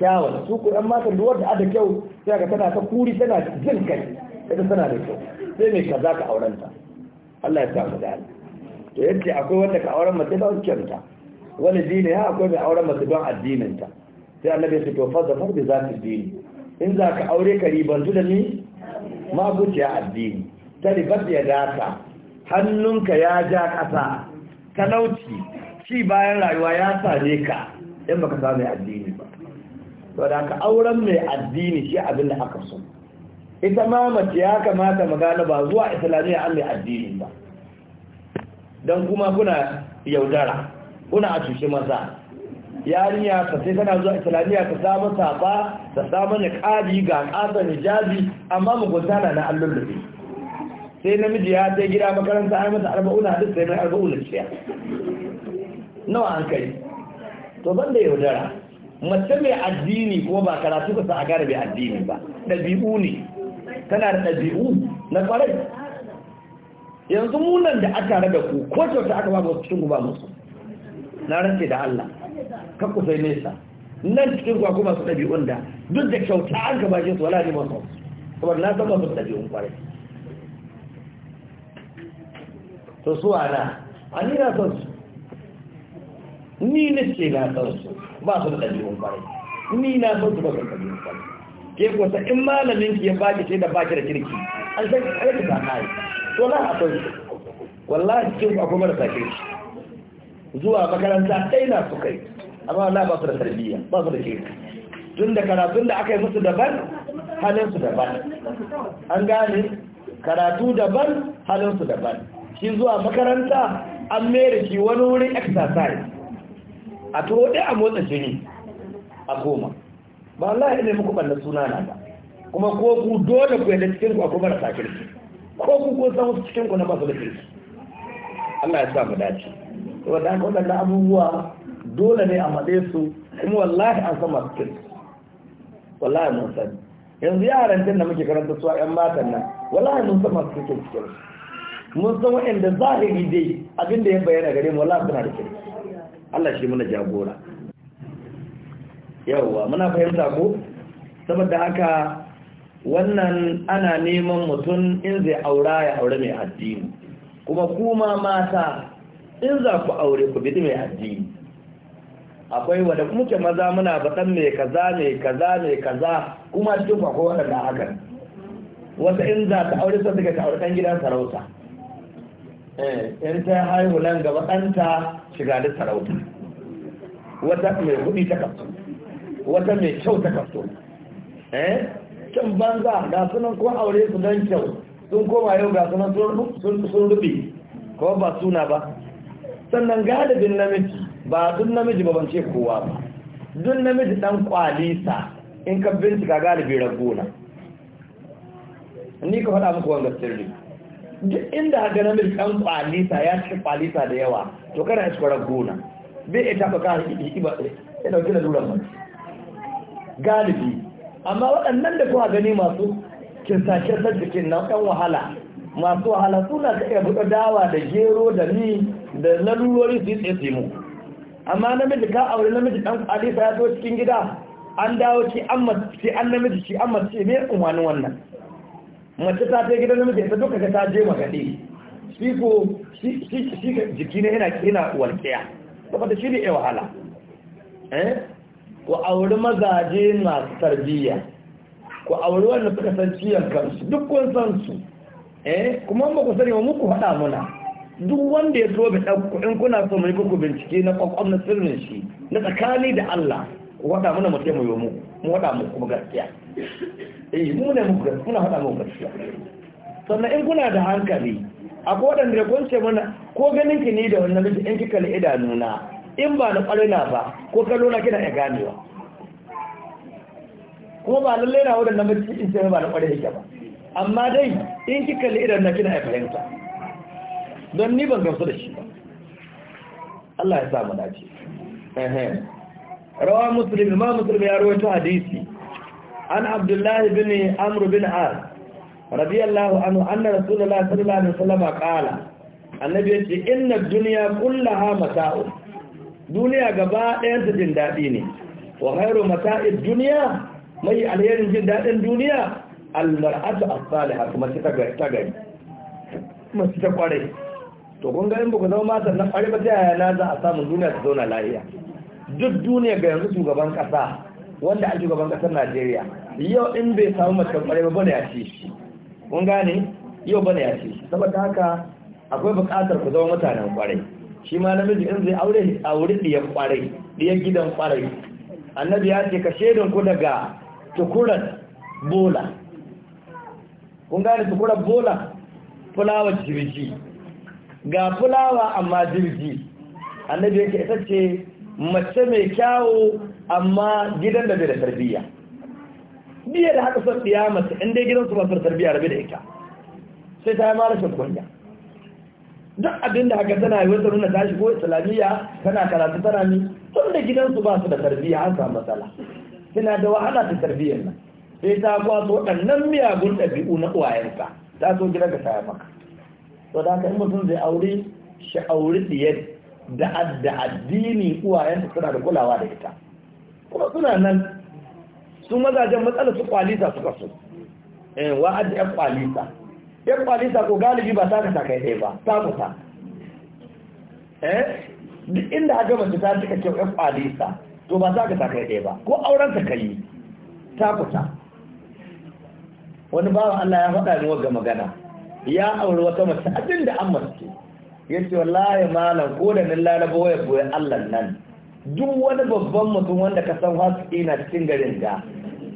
kyawar su ku ɗan matan duk wanda ada kyau sai ka tana ta kuri tana jin kai ita tana da kyau sai mai kaza ka aurenta Allah ya samu da Allah to yace akwai wanda ka auren mace wancan ta wani dini ya akwai mai auren mace don ta sai annabi su tofa da farbi za ta dini in za ka aure ka ribantu da ni ya addini ta riban ya data hannunka ya ja ƙasa talauci ci bayan rayuwa ya sare ka in baka samu addini ba to da ka auren mai addini shi abin da aka so ita ma mace ya kamata magana ba zuwa islamiyya an mai addini ba don kuma kuna yaudara kuna a cushe maza yarinya sai tana zuwa islamiyya ka samu saba ta samu kadi ga kasa hijabi amma mugunta na allon da sai namiji ya sai gida makaranta ai masa na hadis sai mai na ciya nawa an kai to ban da yaudara mace mai addini kuma ba karatu ka sa a gara mai addini ba ɗabi'u ne tana da ɗabi'u na kwarai yanzu munan da aka rada ku ko kyauta aka ba wasu cikin guba musu na rance da Allah ka ku sai nesa nan cikin ku masu ɗabi'un da duk da kyauta an ka bakin su wala ne masu kuma na san masu ɗabi'un kwarai to su ana A ni na san su ni na ce na san su ba su da ɗabi'un kwarai ni na san su ba su da ɗabi'un kwarai ke kusa in malamin ki ya baki sai da baki da kirki an san ka ta kai wala akwai wallahi cikin akwai marasa kirki zuwa makaranta ɗai na su kai amma na ba su da tarbiyya ba su da kirki tun da karatun da aka yi musu daban halin su daban an gane karatu daban halin su daban shi zuwa makaranta an mere shi wani wurin exercise a to ɗai a motsa jini a goma ba Allah ya ne muku ɓanna suna na ba kuma ko ku dole ku yadda cikin ku akwai marasa kirki ko ku ko san wasu cikin ku na basu su da kirki Allah ya sa mu dace saboda haka waɗannan abubuwa dole ne a made su kuma wallahi an san masu kirki wallahi mun sani yanzu yaran din da muke karanta su a yan matan nan wallahi mun san masu kirki cikin mun san waɗanda zahiri dai abin da ya bayyana gare mu wallahi suna da kirki Allah shi muna jagora yawwa muna fahimta ko saboda haka wannan ana neman mutum in zai aura ya aure mai addini kuma kuma mata in za ku aure ku bidi mai addini akwai wanda muke maza muna batan mai kaza mai kaza mai kaza kuma cikin kwakwa waɗanda haka wata in za ta aure sa suka ta ɗan gidan sarauta eh, in ta haihu nan gaba ɗanta shiga da sarauta wata mai kuɗi ta kafto wata mai kyau ta kafto eh can banza ga sunan kun aure su don kyau sun koma yau ga sunan sun rubi kuma ba suna ba sannan galibin namiji ba dun namiji ba bance kowa ba dun namiji dan kwalisa in ka bincika galibi raguna ni ka faɗa muku wanda sirri duk inda haka namiji dan kwalisa ya ci kwalisa da yawa to kana iska raguna bai ita ba ka hiki ba ya dauki da lura mace galibi amma waɗannan da kuma gani masu kirsa-kirsar jikin na ɗan wahala masu wahala suna ka iya buɗe dawa da gero da ni da lalurori su yi tsaye mu amma namiji ka aure namiji ɗan alisa ya zo cikin gida an dawo ci an mace an namiji ci an mace ne wani wannan mace ta ta gida namiji ta duka ka ta je magaɗe shi ko shi jiki ne yana yana walƙiya saboda shi ne wahala eh ku auri mazaje masu tarbiyya ku auri wanda suka san ciyan kansu duk kun san su eh kuma ba ku sani ba muku faɗa muna duk wanda ya zo bi ɗauku in kuna so mai muku bincike na kwakwam na sirrin shi na tsakani da Allah ku faɗa muna mu taimayo mu mu faɗa mu mu gaskiya eh mu ne muku gaskiya muna faɗa mu gaskiya sannan in kuna da hankali akwai waɗanda kun ce mana ko ganin ki ni da wannan mijin in kika li idanuna in ba na ƙwarina ba ko kallo na kina ya ganewa kuma ba lallai na wadanda mace in sai ba da ƙwarin yake ba amma dai in ki kalli idan na kina ya fahimta don ni ban gamsu da shi ba Allah ya samu dace rawa Musulmi, ma Musulmi ya rawaito hadisi an abdullah bin amr bin as radiyallahu anhu anna rasulullahi sallallahu alaihi wasallam qala annabi yace inna ad-dunya kullaha mata'un duniya gaba ta jin daɗi ne wa hairu mata'id duniya mai alherin jin daɗin duniya almar'atu as-salihah kuma ta gari ta gari kuma ta kware to kun ga in ba ku zama matar na kware ba ta yaya na za a samu duniya ta zauna lafiya duk duniya ga yanzu shugaban kasa wanda a shugaban kasar Najeriya yau in bai samu matar kware ba bane ya ci shi kun gane yau bane ya ci saboda haka akwai buƙatar ku zama mutanen kware shi ma namiji in zai aure a wuri ɗiyan ƙwarai, ɗiyan gidan ƙwarai. annabi ya ce ka shedin ku daga tukuran bola kun gane tukuran bola fulawa jirgi ga fulawa amma jirgi annabi yake ita ce mace mai kyawo amma gidan da bai da tarbiyya biya da haka son ɗiya mace inda gidansu ba su tarbiyya rabe da ita sai ta yi ma rashin kunya duk abin da haka tana yi wata nuna tashi ko islamiyya tana karatu tana ni tun da gidansu ba su da tarbiyya an samu matsala suna da wahala ta tarbiyyar nan sai ta kwaso waɗannan miyagun ɗabi'u na uwayenka ta so gidan ka saya maka to da haka in mutum zai aure shi aure diyar da adda addini uwayensa suna da kulawa da ita kuma suna nan su mazajen matsala su kwalita suka so eh, wa'ad ya kwalita yan ko galibi ba ta kasa kai ɗaya ba ta kusa eh inda aka mace ta cika kyau yan kwalisa to ba ta kasa kai ba ko auren ta kai ta kusa wani bawa Allah ya faɗa ni wagga magana ya auri wata mace abin da an mace ya ce wallahi malam ko da nan laraba waya goyi Allah nan duk wani babban mutum wanda ka san wasu ina cikin garin ga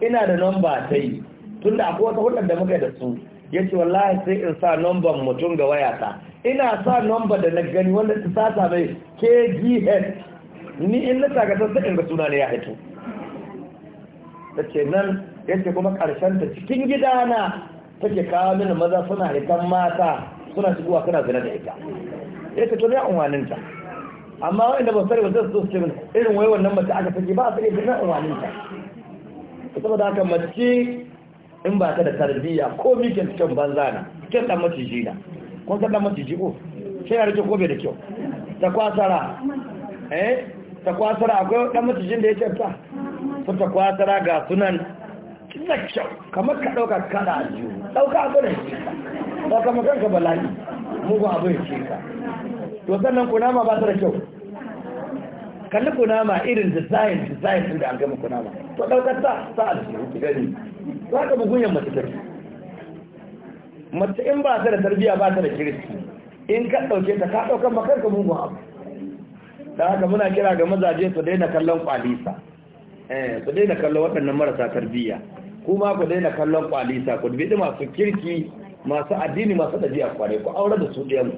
ina da nan ba ta yi tun da akwai wata hulɗar da muka da su ya ce wallahi sai in sa nomban mutum ga wayata ina sa nomba da na gani wanda ta sata mai kgh ni in na tagatar sai in ga suna ne ya hito ta ce nan ya ce kuma ƙarshen ta cikin gidana take kawo mini maza suna haitan mata suna shigowa suna zina da ita ya ce to ne unwaninta amma wanda ba sani ba zai so su ce irin wai wannan mace aka sake ba a sake zina unwaninta saboda haka mace in ba ka da tarbiyya ko mikin cikin banza na cikin dan maciji na kun san dan maciji ko sai ya rike kobe da kyau ta kwasara eh ta kwasara akwai dan macijin da ya tsafta sun ta kwasara ga sunan na kyau kamar ka dauka kada a jiyo dauka abu ne ba kamar kanka bala'i mugu abu ya ce ka to sannan kunama ba ta da kyau kalli kunama irin design design din da an gama kunama to daukar ta ta a ki gani za ka bugunyan mace take mace in ba ta da tarbiyya ba ta da kirki in ka ɗauke ta ka ɗaukan ba karka mugun abu da haka muna kira ga mazaje su daina kallon kwalisa eh su daina kallon waɗannan marasa tarbiyya kuma ku daina kallon kwalisa ku dubi masu kirki masu addini masu ɗabi'a kware ku aure da su ɗiyan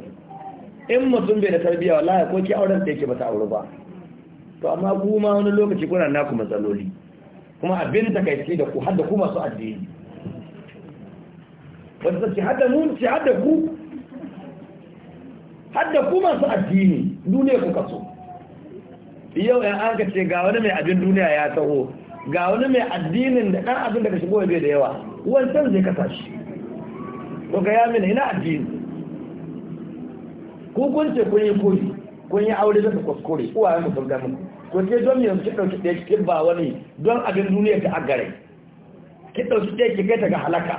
in mutum bai da tarbiyya wallahi ko ki auren da yake ba ta aure ba to amma kuma wani lokaci kuna naku matsaloli kuma abin da kai har da ku ku masu addini wanda ce hadda mun ce hadda ku Hadda ku masu addini duniya ku kaso yau yan an ka ce ga wani mai abin duniya ya taho ga wani mai addinin da ɗan abin da ka shigo bai da yawa wancan zai kasa shi ko ga ya mina ina addini ku kun ce kun yi kuri kun yi aure zaka kuskure uwayen mutum ga muku ko ke don yanzu ki ɗauki ɗaya ki ba wani don abin duniya ta agare ki ɗauki ɗaya ki kai ta ga halaka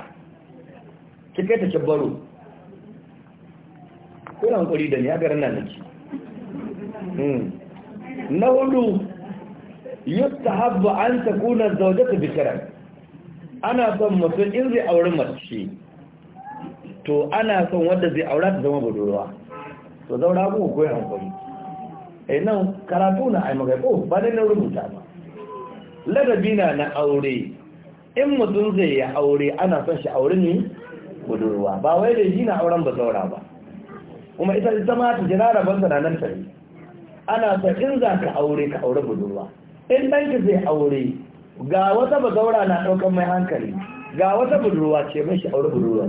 ki kai ta ki baro kuna hankali da ni ya garin nan ci hmm. na hudu yadda habba an ta kuna zaune ta bikiran ana son mutum in zai auri mace to ana son wadda zai aura ta zama budurwa to zaura ku koyi hankali E nan karatu na ai maka ko ba dai na rubuta ba ladabi na na aure in mutum zai ya aure ana son shi aure ne budurwa ba wai da shi na auren ba saura ba kuma ita ita ma ta jira rabon sa nan tare ana son in za ka aure ka aure budurwa in dan ka zai aure ga wata bazaura na ɗaukar mai hankali ga wata budurwa ce mai shi aure budurwa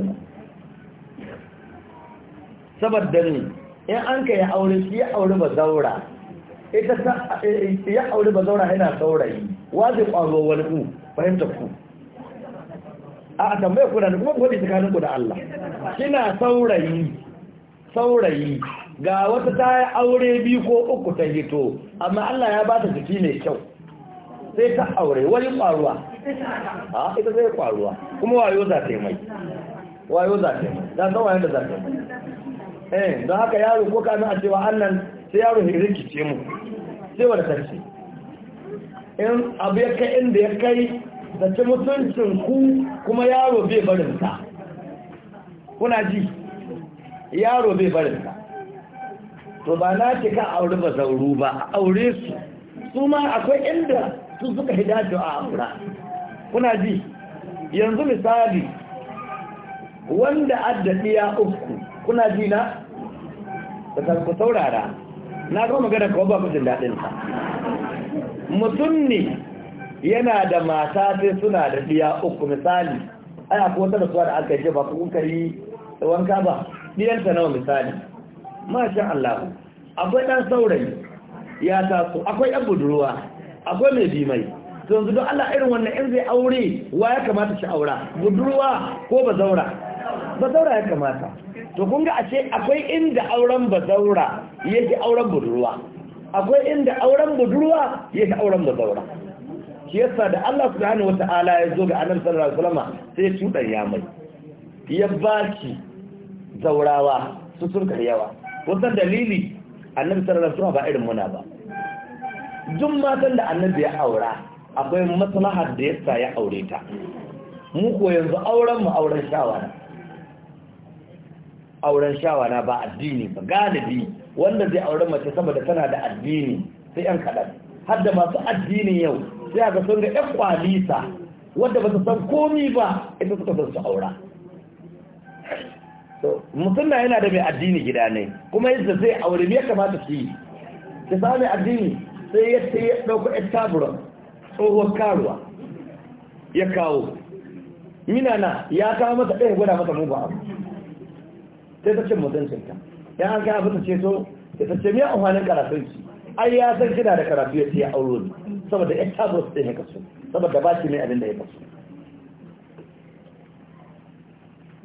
saboda ne in an ka yi aure shi ya aure ba zaura ita ta ya aure ba zaura yana saurayi wajin ƙwazo wani ku fahimta ku a tambayar kuna da kuma kwaɗi tsakanin ku da Allah Ina saurayi saurayi ga wata ta yi aure biyu ko uku ta hito amma Allah ya ba ta jiki mai kyau sai ta aure wani ƙwaruwa a ita zai ƙwaruwa kuma wayo za ta yi mai wayo za ta yi mai za ta wayo da za ta yi mai eh don haka yaro ko kamin a cewa annan sai yaro ya rikice mu sai wa da karshe in abu ya kai inda ya kai da ci mutuncin ku kuma yaro bai barin kuna ji yaro bai barin to ba na ce ka aure ba zauru ba aure su su ma akwai inda su suka hidatu a aura kuna ji yanzu misali wanda adda ɗiya uku kuna ji na ku saurara na zo magana kawo ba mutum daɗinsa mutum ne yana da mata sai suna da ɗiya uku misali ana wata ta rasuwa da aka yi ba kuka yi wanka ba ɗiyanta nawa misali mashin Allah akwai ɗan saurayi ya taso akwai ɗan budurwa akwai mai bi mai yanzu don Allah irin wannan in zai aure wa ya kamata shi aura budurwa ko ba zaura ya kamata to kun ga a ce akwai inda auren bazaura yake auren budurwa akwai inda auren budurwa yake auren bazaura shi yasa da Allah subhanahu wata'ala ya zo ga annabi sallallahu alaihi wasallam sai ya tudan ya mai ya baki zaurawa su sun yawa wannan dalili annabi sallallahu alaihi wasallam ba irin muna ba duk matan da annabi ya aura akwai maslahar da yasa ya aure ta mu ko yanzu auren mu auren shawara auren shawana ba addini ba galibi wanda zai auren mace saboda tana da addini sai yan kaɗan har da masu addini yau sai aka sun ga yan kwalisa wadda ba su san komi ba ita suka san su aura musulma yana da mai addini gida ne kuma yadda zai aure me ya kamata su yi ta sami addini sai ya ce yi ɗauka ya taburan tsohuwar karuwa ya kawo minana ya kawo mata ɗaya gwada masa mugu abu sai ta ce cinta yan an kai abinta ce so ya ta ce miya amfanin karatunki ai ya san kina da karatu ya ce ya auro ne saboda ya tabo su ɗin ya kasu, saboda ba shi mai abin da ya kasu.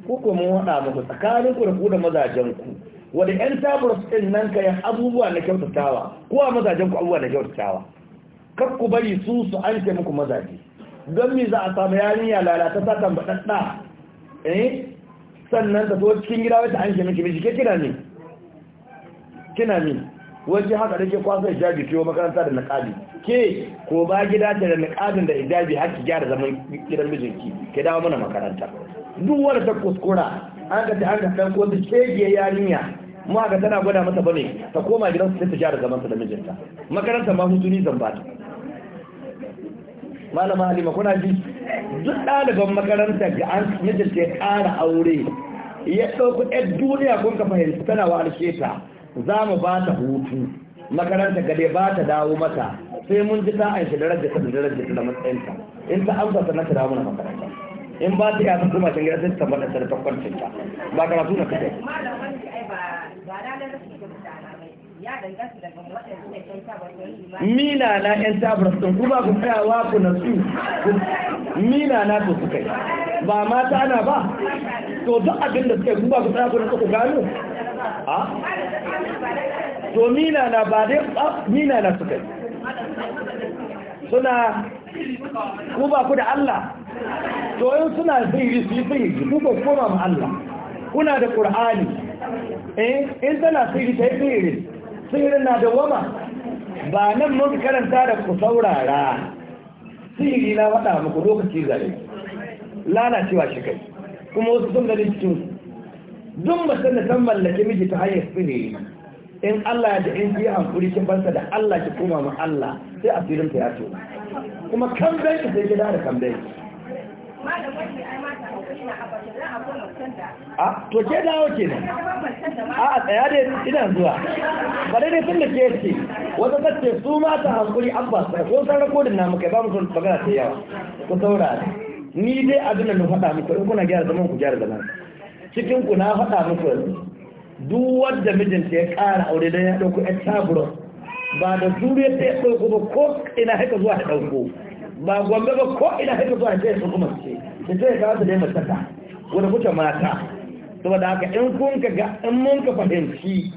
ko kuma mun haɗa muku tsakanin ku da ku da mazajen ku wanda yan tabar su ɗin nan ka yi abubuwa na kyautatawa ko a mazajen ku abubuwa na kyautatawa kar ku bari su su an ce muku mazaje don me za a samu yarinya lalata ta tambaɗaɗɗa eh sannan ta zo cikin gida wata an shi miki miki ke kina ne kina ne wajen haka da ke kwasa hijabi ke makaranta da naƙabi ke ko ba gida ta da niqabin da hijabi haki gyara zaman gidan mijinki ke dawa mana makaranta duk wani ta kuskura an ka ta an ka san ko ta kege yarinya mu haka tana gwada mata bane ta koma su sai ta gyara zaman ta da mijinta makaranta ma hutu ni zan ba ta malama halima kuna ji duk ɗaliban makaranta ga an mijinta ya ƙara aure ya ɗauku ɗan duniya kun ka fahimci tana wa alsheta za mu ba ta hutu makaranta gade ba ta dawo mata sai mun ji ta'ayin an shi daraja ta daraja ta da matsayinta in ta amsa sannan ta dawo mana makaranta in ba ta yasa kuma shan gida sai ta tambata da takwancin ta ba karatu na kaɗai. mina na yan tabar sun kuma ku wa ku na su mina na to suka yi ba mata na ba to duk abin da suka yi kuma ku tsaya ku na ku gano a to mina na ba dai mina na suka yi suna ku ku da Allah to yin suna sirri su yi sirri ku ba koma ma Allah kuna da Qur'ani eh in tana sirri ta yi sirri Sihiri na dawama ba nan mun karanta da ku saurara sihiri na faɗa muku lokaci zare lalacewa shi kai kuma wasu sun gani cikin duk sun da san mallake miji ta hanyar sihiri in Allah da in yi hankuri kin barsa da Allah ki koma mu Allah sai asirin ta ya to kuma kan bai ki sai gida da kan bai a to ke dawo ke ne a a tsaya da ina zuwa ba dai dai tun da ke ce wata tace su ma ta hankuri abbas ko san rakodin namu kai ba mu son magana ta yawa ku saurara ni dai abin da na faɗa muku in kuna gyara zaman ku gyara nan cikin ku na faɗa muku duk wanda mijinta ya ƙara aure dan ya ɗauko ya tabura ba da zuriyar ta ya ɗauko ba ko ina haka zuwa ta ɗauko ba gombe ba ko ina haka zuwa ce su kuma ce da ce ka su dai matata wani kuta mata saboda haka in kun ka ga in mun ka fahimci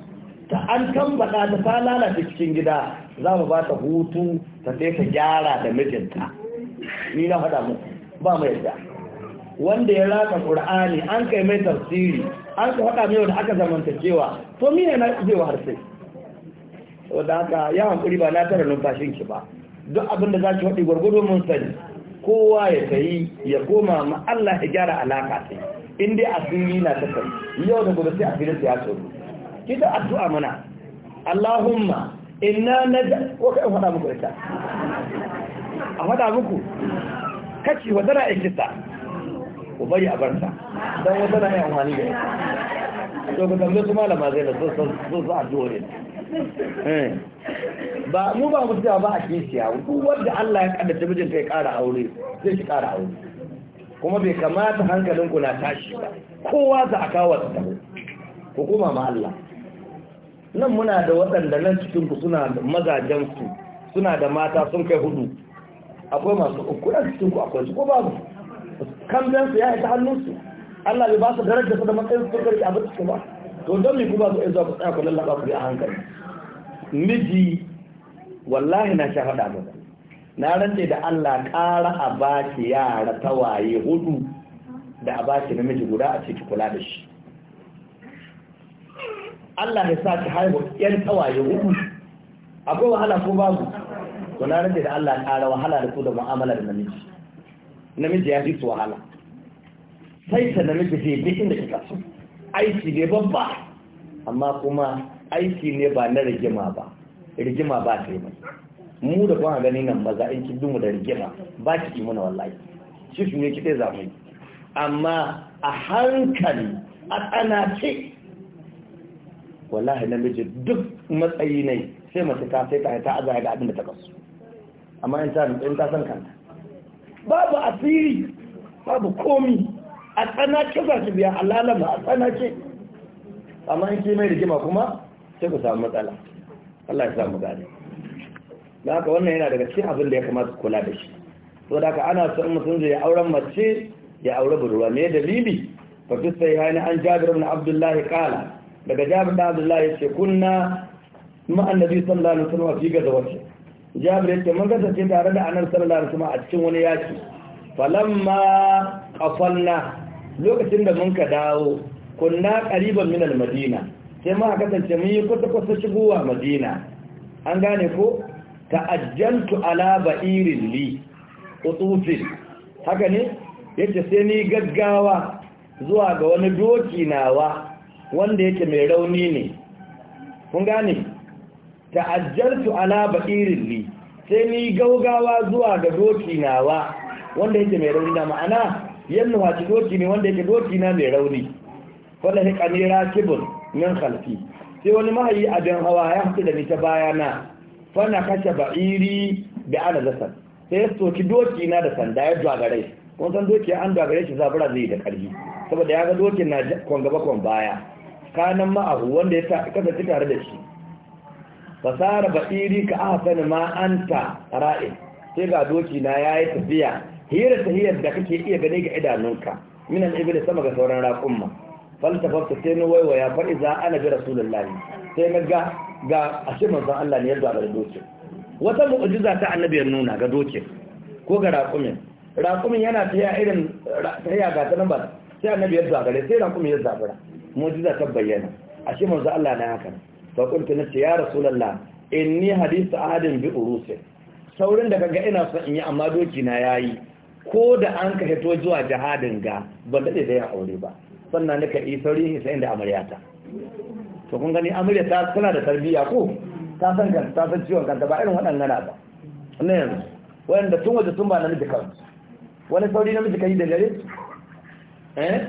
ta an tambada ta ta lalace cikin gida za mu ba ta hutu ta sai ta gyara da mijinta ni na hada muku ba mu yadda wanda ya raka Al-ƙur'ani an kai mai tafsiri an ka hada mai wanda aka zamantakewa to mine na zai wa harsai saboda haka ya hankuri ba na tara numfashin ki ba duk abin da za ki faɗi gwargwado mun sani kowa ya tayi ya koma ma Allah ya gyara alaka sai in dai asiri na ta kai yau da gobe sai asirin sa ya tsoro ki da addu'a mana Allahumma inna naja ko kai faɗa muku ita a faɗa muku kaci wa tana kisa ku bari a barta dan wata na yi amfani da ita to ku tambaye su malama zai da a sun ne Eh. ba mu ba mu ba a kishiya duk wanda Allah ya kaddace ta ya kara aure zai shi kara aure kuma bai kamata hankalin ku na tashi ba kowa za a kawo ta ku kuma ma Allah nan muna da waɗanda nan cikin ku suna da mazajen su suna da mata sun kai hudu akwai masu uku nan cikin ku akwai su ko babu kamben su ya ita hannun su Allah bai ba su darajar su da matsayin su karki abin su ba to don me ku ba su izuwa ku tsaya ku lallaba ku a hankali miji wallahi na sha faɗa mu na rantse da Allah ƙara a ba ki yara tawaye hudu da a ba ki namiji guda a ciki kula da shi Allah ya sa ki haihu ƴan tawaye hudu akwai wahala ko babu to na rantse da Allah ƙara wahala da su da mu'amala da namiji namiji ya fi su wahala sai ta namiji zai bi inda kika so aiki ne babba amma kuma aiki ne ba na rigima ba rigima ba ta yi mai mu da kwan gani nan maza in kin mu da rigima ba ki muna wallahi shi su ne ki dai amma a hankali a tsanace wallahi namiji duk matsayi ne sai mace ta sai ta a zai ga abin da ta kasu amma in ta ta san kanta babu asiri babu komi a tsanace za ki biya lalama a tsanace amma in ke mai rigima kuma sai ku samu matsala Allah ya samu gane da haka wannan yana daga cikin abin da ya kamata kula da shi to da haka ana son mutum zai auren mace ya aure budurwa Me dalili fa fi sahihaini an Jabir ibn Abdullahi qala daga Jabir ibn Abdullah yace kunna ma annabi sallallahu alaihi wasallam fi gazawati Jabir yace mun kasance tare da Annabi sallallahu alaihi wasallam a cikin wani yaki falamma qafalna lokacin da mun ka dawo kunna qariban min al-Madina sai ma aka kasance mun yi kwata-kwata shigowa madina an gane ko ajjantu ala ba'irin li utufin haka ne yace sai ni gaggawa zuwa ga wani doki nawa wanda yake mai rauni ne kun gane ta'ajjaltu ala ba'irin li sai ni gaugawa zuwa ga doki nawa wanda yake mai rauni na ma'ana yannu wace doki ne wanda yake doki na mai rauni wanda yake kanira kibul min khalfi sai wani mahayi a dan hawa ya haɗu da ni ta fa na kashe ba'iri da ana zasa sai ya soki doki na da sanda ya dogare kun san doki an dogare shi zabura zai da ƙarfi saboda ya ga dokin na kon gaba kon baya kanan ma'ahu wanda ya kasance tare da shi fasara ba'iri ka ahsan ma anta ra'i sai ga doki na yayi tafiya hira tahiyar da kake iya gani ga idanunka minan iblis sama ga sauran raƙumma faltafarta sai na waiwaya fa iza ana bi rasulullahi sai na ga ga ashe manzon Allah ne yadda a doke wata mu'jiza ta annabi ya nuna ga doke ko ga raqumin raqumin yana taya irin taya ga ta nan sai annabi zuwa gare sai raqumin ya zabura mu'jiza ta bayyana ashe manzon Allah ne haka fa kuntu nace ya rasulullah inni hadithu adin bi urusi saurin da kaga ina son in yi amma doki na yayi ko da an ka hito zuwa jihadin ga ban dade da yin aure ba sannan na karɓi saurin hisayin da amaryata to kun gani amarya ta tana da tarbiyya ko ta san kan ta san ciwon kanta ba irin waɗannan ba ne yanzu wanda tun waje tun ba na miji kan wani sauri na miji kai da dare? eh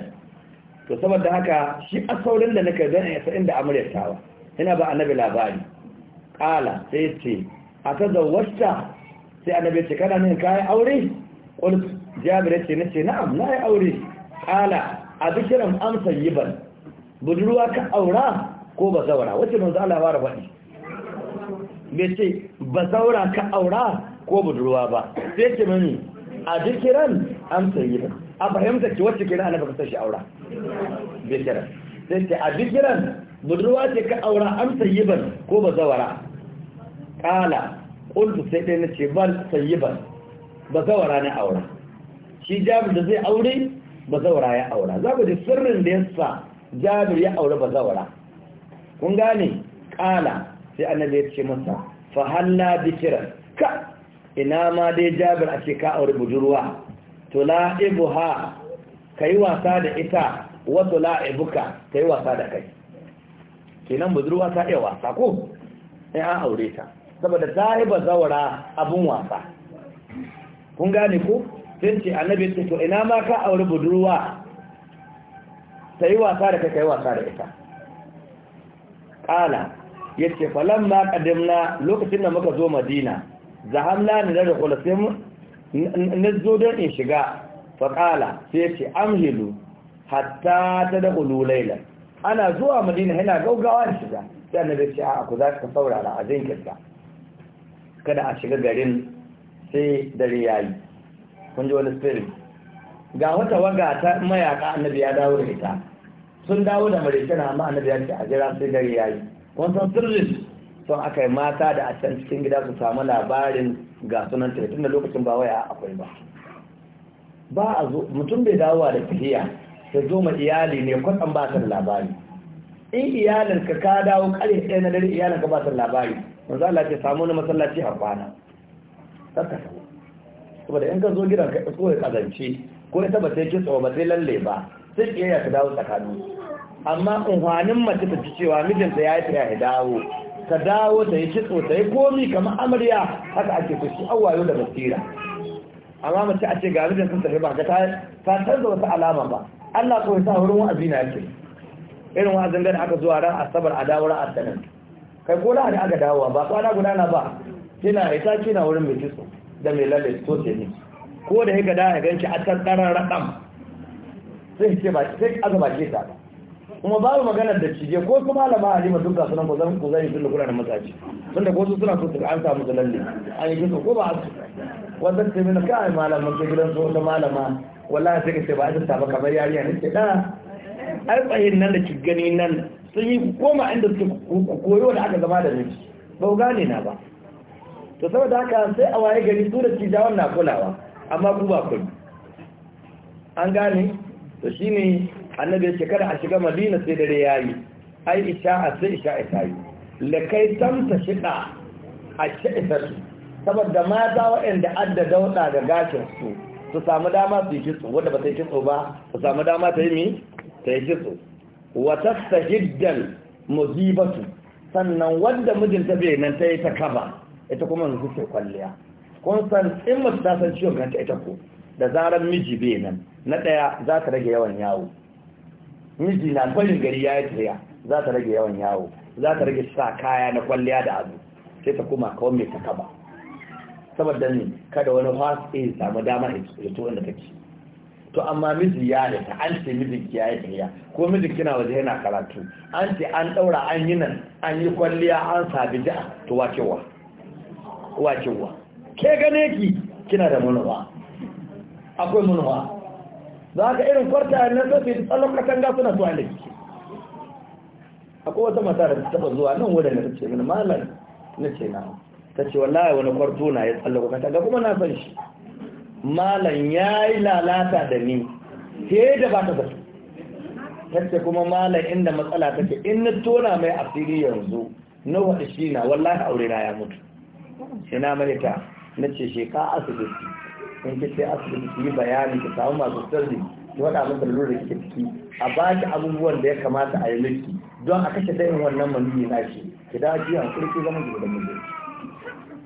to saboda haka shi a saurin da nake zan yi sa'in da ta tawa ina ba annabi labari kala sai ce a ta zawasta sai annabi ce kana min kayan aure Wani jabir ce na ce na'am na yi aure kala a bikiran amsa yiban budurwa ka aura ko ba zaura wacce manzo Allah fara faɗi bai ce ba zaura ka aura ko budurwa ba sai ce mani a bikiran amsa yiban a fahimta ki wacce kira ana fahimta shi aura bikiran sai ce a bikiran budurwa ce ka aura amsa yiban ko ba zaura kala kuntu sai ɗaya na ce ban sayyiban ba zaura ne aura shi jami da zai aure bazawara ya aura za ku ji sirrin da yasa jabir ya aure bazawara kun gane kala sai annabi ya ce masa fa halla bikira ka ina ma dai jabir ake ka aure budurwa tula'ibuha kai wasa da ita wa tula'ibuka kai wasa da kai kenan budurwa ta iya wasa ko ai an aure ta saboda ta yi abun wasa kun gane ko sai ce annabi ce to ina ma ka auri budurwa sai wasa da kai wasa da ita ƙala yace ce ma ƙadimna lokacin da muka zo madina zahamla ne da kula sai na zo don in shiga faƙala sai yace amhilu hatta ta da ana zuwa madina yana gaugawa da shiga sai annabi ce a ku za saurara a jinkirta kada a shiga garin sai dare yayi kun ji wani spirit ga wata waga ta mayaka annabi ya dawo da ita sun dawo da na amma annabi ya ce a jira sai dare ya yi kun san sirrin sun aka yi mata da a can cikin gida su samu labarin ga sunan ta, tun da lokacin ba waya akwai ba ba a zo mutum bai dawo da tafiya ta zo ma iyali ne kwatsan ba ta da labari in iyalin ka ka dawo kare ɗaya na dare iyalin ka ba ta da labari manzo Allah ce samu na masallaci a kwana saboda in ka zo gidan ka ko ya kazance ko ya taba sai kitso ba sai lalle ba sai iya ya dawo tsakanin amma unhwanin mace ta ci cewa mijinta ya yi ta ya dawo ta dawo ta yi kitso ta yi komi kamar amarya haka ake kushi awayo da basira amma mace a ce ga mijin sun tafi ba ga ta canza wata alama ba Allah ya sa wurin wa'azi na yake irin wa'azin gani aka zuwa ran asabar a dawo ran asanin kai ko da aka dawo ba kwana gudana ba kina ita kina wurin mai kitso da mai lalle to ce ne ko da haka da gan shi a tattaran raɗam sai ke ba sai ba ke ta kuma babu maganar da cije ko su malama halima duk ga sunan kuzan kuzan sun lura da mutaci tunda ko su suna so su an samu lalle an yi gizo ko ba su wannan sai mina kai malama ke gidan su wata malama wallahi sai ka ce ba a ta ba kamar yariya ne ke da ai tsayin nan da ki gani nan sun yi koma inda suka koyo da aka zama da miki ba gane na ba to saboda haka sai a waye gari su da tijawan na kulawa amma ku ba ku an gane to shine annabi ya kada a shiga madina sai dare yi. ai a sai isha'a tayi lakai tamta shida a shi'isar saboda mata waɗanda adda dauɗa ga gashin su su samu dama su yi kitso wanda ba ta yi kitso ba su samu dama ta yi mi ta yi kitso wata sahiddal muzibatu sannan wanda mijinta bai nan ta yi ta kaba ita kuma yanzu ke kwalliya kun in mace ta san ciwon kanta ita ko da zarar miji bai nan na ɗaya za ta rage yawan yawo miji na barin gari ya yi tsaya za ta rage yawan yawo za ta rage sa kaya na kwalliya da azu sai ta kuma kawo mai kaba saboda ne kada wani fast ya samu dama ya to inda take to amma miji ya da ta an ce miji ya yi tsaya ko miji kina waje yana karatu an ce an ɗaura an yi nan an yi kwalliya an sabi da to wakewa wakewa ke gane ki kina da munuwa akwai munuwa za ka irin kwarta na sofi tsallon katanga suna suwa da kike akwai wata mata da taba zuwa nan wadda ta ce mini malar na ce na ta ce wallahi wani kwarto na ya tsallon ga kuma na san shi malam ya yi lalata da ni sai da ba ta Ta ce kuma malam inda matsala take in na tona mai asiri yanzu na waɗi shi na wallahi aure na ya mutu sai na ta na ce sheka asibiti in ki sai asibiti ki yi bayani ki samu masu sirri ki wada abin da lura ki ciki a ba ki abubuwan da ya kamata a yi miki don a kashe dayin wannan maniyi na shi ki da ji an ki zama ki da mutum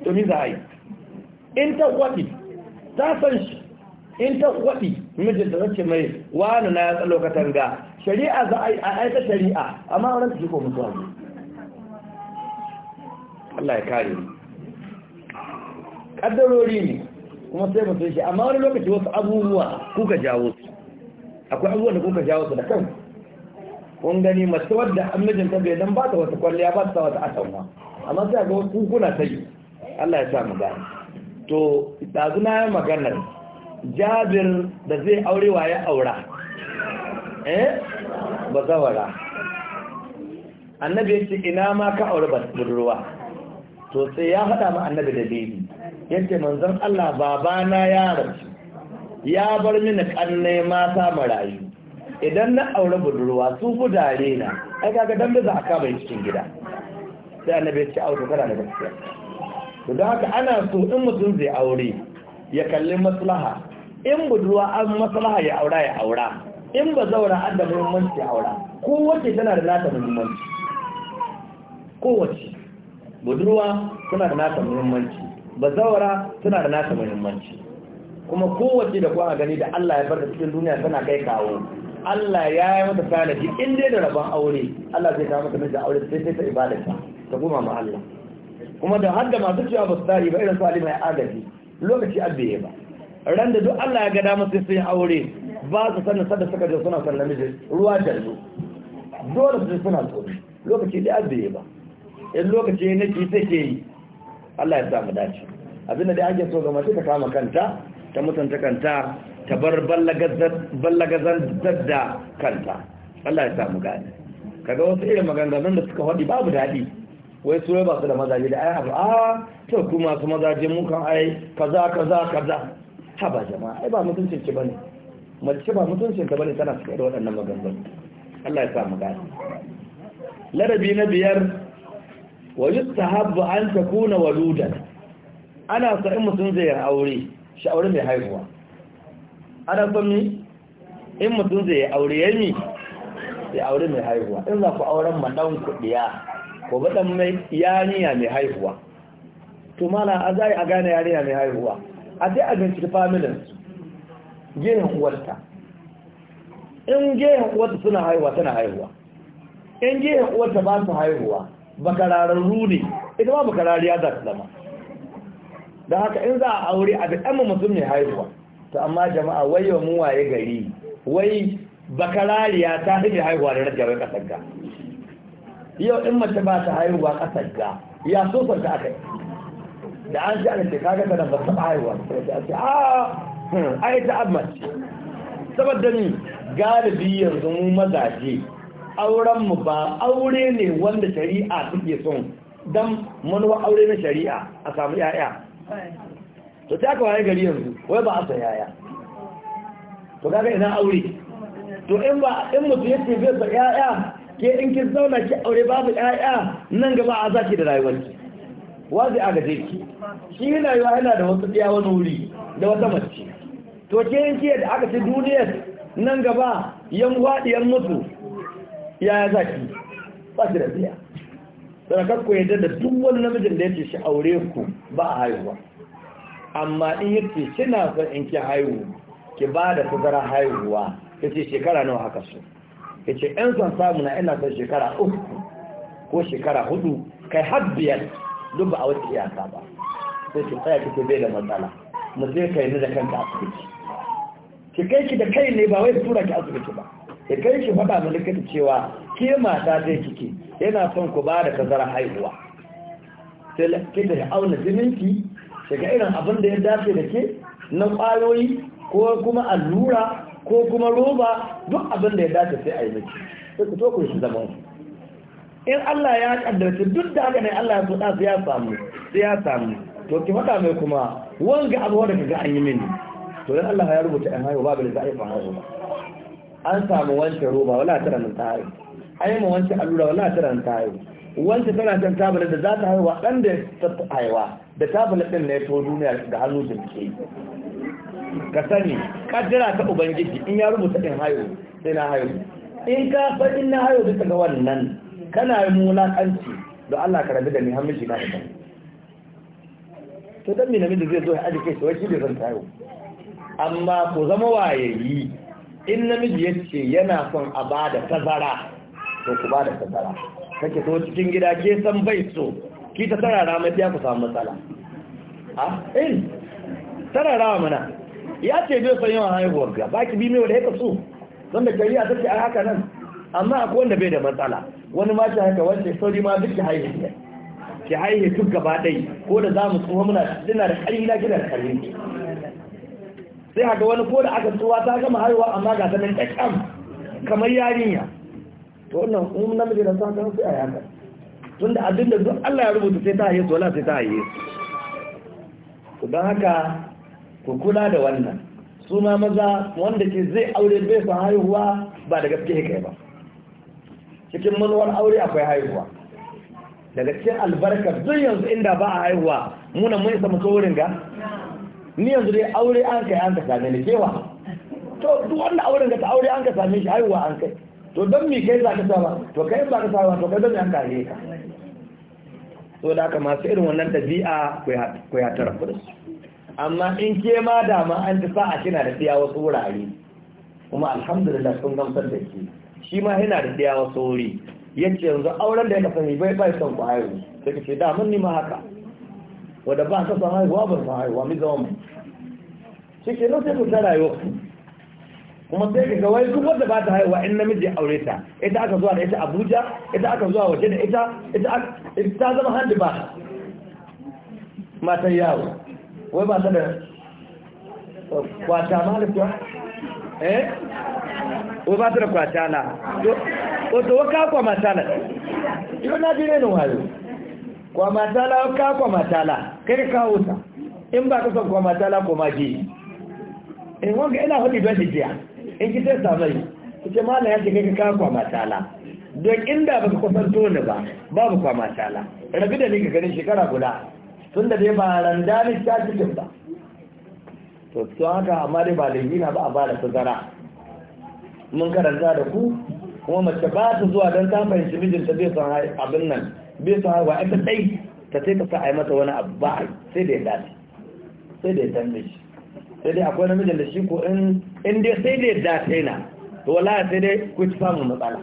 to ni za a yi in ta kwadi ta san shi in ta kwaɗi da zace mai wani na ya tsalo katanga shari'a za a aika shari'a amma wannan ta shi ko mutuwa Allah ya kare mu kaddarori ne kuma sai mu shi amma wani lokaci wasu abubuwa kuka jawo su akwai abubuwan da kuka jawo su da kan kun gani masu wadda an ta bai dan ba ta wata kwalliya ba ta wata asanwa amma sai ga wasu kuna ta yi Allah ya sa mu gani to dazu na yin maganar jabir da zai aure wa ya aura eh ba zawara annabi ya ce ina ma ka aure ba budurwa to sai ya haɗa ma annabi da bibi yadda manzan Allah babana ya rasu ya bar mini kanne mata marayu idan na aure budurwa su budare na ai kaga dan da za a kama cikin gida sai annabi ya ce auto kana da gaskiya to don haka ana so in mutum zai aure ya kalli maslaha in budurwa an maslaha ya aura ya aura in ba zaura an da muhimmanci ya aura kowace tana da nata muhimmanci kowace budurwa tana da nata muhimmanci bazawara suna da nasa muhimmanci kuma kowace da kuwa gani da Allah ya bar da cikin duniya tana kai kawo Allah ya yi mata tanadi in dai da rabon aure Allah zai kawo mata mijin aure sai sai ta ibadarsa ta goma ma Allah kuma da har da masu cewa ba su tsari ba irin su alimai agaji lokaci ya ba ran da duk Allah ya ga dama sai sun aure ba su sanin sada suka je suna sanar namiji ruwa jallo dole su suna tsoro lokaci abu ya ba in lokaci ne ki sai ke yi Allah ya sa mu dace abinda da ake so ga mace ta kama kanta ta mutunta kanta ta bar ballagazan dadda kanta Allah ya sa mu gane kaga wasu irin maganganun da suka faɗi babu daɗi wai su ba su da mazaje da ai abu a ah, to kuma su mazaje mu kan ai kaza kaza kaza Haba ba jama'a ai ba mutunci ki bane mace ba mutunci ta bane tana suka da waɗannan maganganu Allah ya sa mu gane ladabi na biyar wa yustahabbu an takuna waludan ana sa in mutum zai aure shi aure mai haihuwa ana so ni in mutum zai aure yayi sai aure mai haihuwa in za ku auren maɗan kuɗiya ko baɗan mai yaniya mai haihuwa to mana a zai a gane yaniya mai haihuwa a sai a binciki familin gehen uwarta in gehen uwarta suna haihuwa tana haihuwa in gehen uwarta ba su haihuwa bakararru ne ita ma bakarariya za ta zama don haka in za a aure a duk amma mutum mai haihuwa to amma jama'a wai wa mu waye gari wai bakarariya ta fi mai haihuwa da rajawai ƙasar ga yau in mace ba ta haihuwa ƙasar ga ya so son ta aka da an ji ana ce kaga ta nan ba ta haihuwa sai a ce a ah, ai ta mace saboda ni galibi yanzu mu mazaje aurenmu ba aure ne wanda shari'a suke son don manuwa aure na shari'a a samu yaya to ta kawai gari yanzu wai ba a sa yaya to kaga ina aure to in ba in mutu ya ce zai sa yaya ke in ki zauna ki aure babu yaya nan gaba a zaki da ki wazi a gaje ki shi rayuwa yana da wasu tsaya wani wuri da wata mace to ke in ki da aka ci duniyar nan gaba yan waɗiyar mutu ya za ki ba shi da biya sadakar ku yadda da duk wani namijin da ya shi aure ku ba a haihuwa amma in ce shi na son in ki haihu ki ba da tazara haihuwa ce shekara nawa haka so ce yan son samu na ina son shekara uku ko shekara hudu kai har biyar duk ba a wata iyaka ba sai ki tsaya kike bai da matsala mu sai kai ni da kanka asibiti ki kai ki da kai ne ba wai tura ki asibiti ba ya kai shi faɗa mu likita cewa ke mata zai kike yana son ku ba da tazara haihuwa sai ke da auna jininki shiga irin abin da ya dace da ke na ƙwayoyi ko kuma allura ko kuma roba duk abin da ya dace sai a yi miki sai ku to ku shi zaman ku in Allah ya kaddace duk da haka ne Allah ya so su ya samu sai ya samu to ki faɗa mai kuma wanga abu wanda kaga an yi mini to dan Allah ya rubuta an haihu babu da za a yi fa an samu wance roba wala tara nan ta haihu an yi ma wance allura wala tara nan ta haihu wance tana can tabulin da za ta haihuwa ɗan da ta haihuwa da tabulin ɗin na to duniya da hannu jimke ka sani kaddara ta ubangiji in ya rubuta in haihu sai na haihu. in ka fa in na haihu da ga wannan kana yi mulakanci da Allah ka rabu da ni hamishi na ita to dan mi namiji zai zo ya aje kai shi wai shi bai san tayo amma ko zama wayayi in namiji ya ce yana son a ba da tazara to ku ba da tazara kake so cikin gida ke san bai so ki ta tarara mai ya ku samu matsala a in eh, tarara mana ya ce bai son yawan haihuwar ga baki bi mai wanda ya kaso don da shari'a ta ce a haka nan amma a wanda bai da matsala wani ma ce haka wanda sauri ma duk ki haihu ki haihu duk gaba ɗai ko da za mu tsohon muna suna da ƙarfi na gidan da ƙarfi sai haka wani ko da aka tsuwa ta gama haihuwa amma ga sanin ƙaƙƙam kamar yarinya to wannan kuma namiji da sa kan sai a yaka tunda da duk Allah ya rubuta sai ta haye su wala sai ta haye su don haka ku kula da wannan su ma maza wanda ke zai aure bai san haihuwa ba da gaske kai ba cikin manuwar aure akwai haihuwa daga cikin albarka duk yanzu inda ba a haihuwa muna mun isa mu wurin ga ni yanzu dai aure an kai an ka same ni kewa to duk wanda auren ka ta aure an ka same shi haihuwa an kai to don me kai za ka sa to kai ba ka sa to kai don me an kare ka so da haka masu irin wannan tabi'a ku ya tara ku amma in ke ma da ma an ta sa a kina da tsiya wasu wurare kuma alhamdulillah sun gamsar da ke shi ma yana da tsiya wasu wuri yace yanzu auren da ya kasance bai bai son ku haihu sai ka ce da mun ni ma haka wadda ba ta san haihuwa ba san haihuwa mi zama mai shi ke nan sai mu ta ku. kuma sai ka ga wai duk wadda ba ta haihuwa in namiji ya aure ta ita aka zuwa da ita abuja ita aka zuwa waje da ita ita ta zama handi ba matan yawo wai ba ta da kwata ma da kuwa eh wai ba ta da kwata na wato waka kwa matala yau na bi ne wayo kwa matala waka kwa matala kai ka kawo ta in ba ka son mata la koma ji in wanka ina hudu don jiya in ki testa mai ku ce mala ya kai ka kawo koma la don inda ba ka kusanto ni ba babu koma la rabi da ni ka ganin shekara guda tun da dai ba randa ni ta cikin ba to tun haka amma dai ba da na ba a bada da tazara mun karanta da ku kuma mace ba ta zuwa don ta fahimci mijinta bai son abin nan bai son haihuwa ita ɗai ka sai ka sa a yi mata wani abu ba sai da ya dace sai da ya tambe shi sai dai akwai namijin da shi ko in dai sai da ya dace na to wallahi sai dai ku ci samun matsala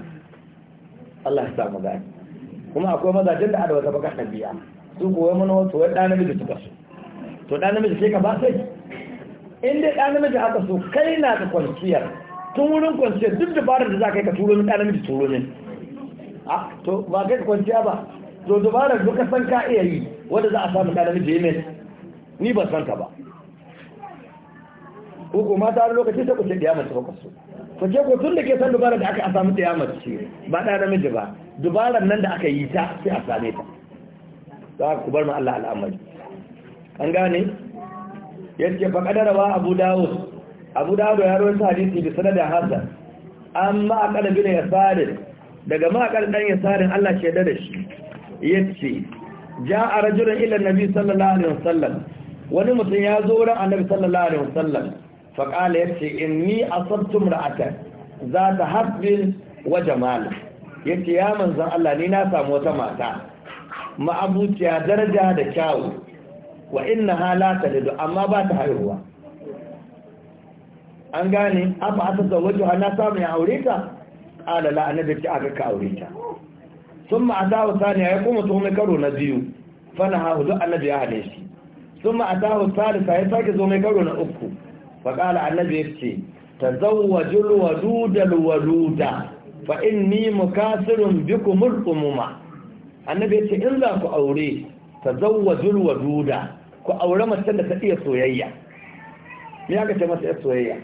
Allah ya sa mu gani kuma akwai mazajen da adawa ta baka tabiya su ko wani mana wato wai ɗan namiji suka so to ɗan namiji sai ka ba sai in dai ɗan namiji aka so kai na ka kwanciyar tun wurin kwanciyar duk dabarar da za ka yi ka turo min ɗan namiji turo min a ah, to ba kai kwanciya ba to dubara duka san ka iya yi wanda za a samu da namiji ya mai ni ba san ka ba uku mata har lokaci ta kusa da yamata ba so ko je ko tun da ke san dubara da aka a samu da yamata ce ba da namiji ba dubara nan da aka yi ta sai a same ta za ku bar ma Allah al'amari an gane yadda fa kadara ba Abu Dawud Abu Dawud ya rawaita hadisi bi sanadin Hasan amma akada bin yasarin daga ma akada dan Yasarin Allah ke da shi yace a rajulun ila nabi sallallahu alaihi wasallam wani mutum ya zo wurin annabi sallallahu alaihi wasallam fa qala yace inni asabtu za zata habbin wa jamal yace ya manzon Allah ni na samu wata mata ma'abuciya daraja da kyawu wa inna halata da amma ba ta haihuwa an gane afa asasa wajen na samun ya aure ta la annabi a ga ka aure ta sun a wa saniya ya kuma tsohon karo na biyu fana hahu duk annabi ya hane shi sun ma'ata wa salisa ya sake zo mai karo na uku faƙala annabi ya ce ta zawajul waludal waluda fa in inni mukasirun bikumul umuma annabi ya ce in za ku aure ta zawajul waluda ku aure macen da ta iya soyayya me aka ce masa iya soyayya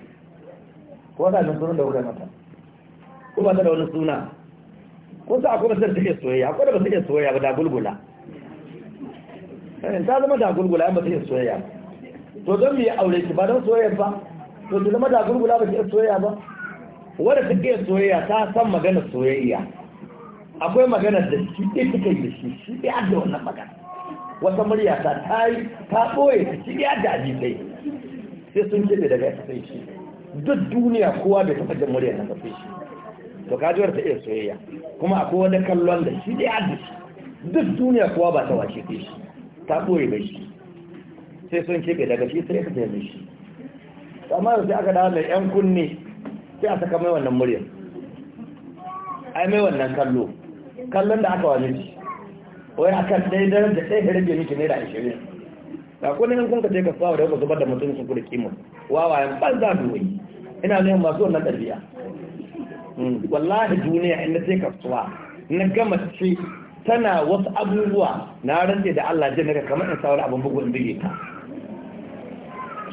ko da sunan da wurin mata ko ba ta da wani suna ko sa akwai masu da soyayya akwai da ba su soyayya ba da gulgula eh, ta zama da gulgula yan ba su iya soyayya to don mu yi aure ki ba don soyayya ba to ki zama da gulgula ba ki ke soyayya ba wadda ta ke soyayya ta san magana soyayya akwai magana da shi ɗaya kai da shi shi ɗaya da wannan magana wata murya ta ta yi ta ɓoye ta shi ɗaya da aji sai sai sun kebe daga ya sai shi duk duniya kowa bai taɓa jan murya na sai shi to kajuwar ta iya soyayya kuma akwai wani kallon da shi dai addi duk duniya kuwa ba ta wace ke shi ta ɓoye bai shi sai sun bai daga shi sai ka taimake shi amma sai aka dawo mai yan kunne sai a saka mai wannan muryar ai mai wannan kallo kallon da aka wani shi wai a kan ɗaya daren da ɗaya rage miki naira ashirin ga kunin in kun ka je ka sawa da ku zubar da mutum ku da kima wawayen banza duwai ina neman masu wannan ɗabi'a Mm. wallahi duniya in na je kasuwa na gama ce tana wasu abubuwa na rantse da Allah jin naka kamar in sawar abin bugu in bige ta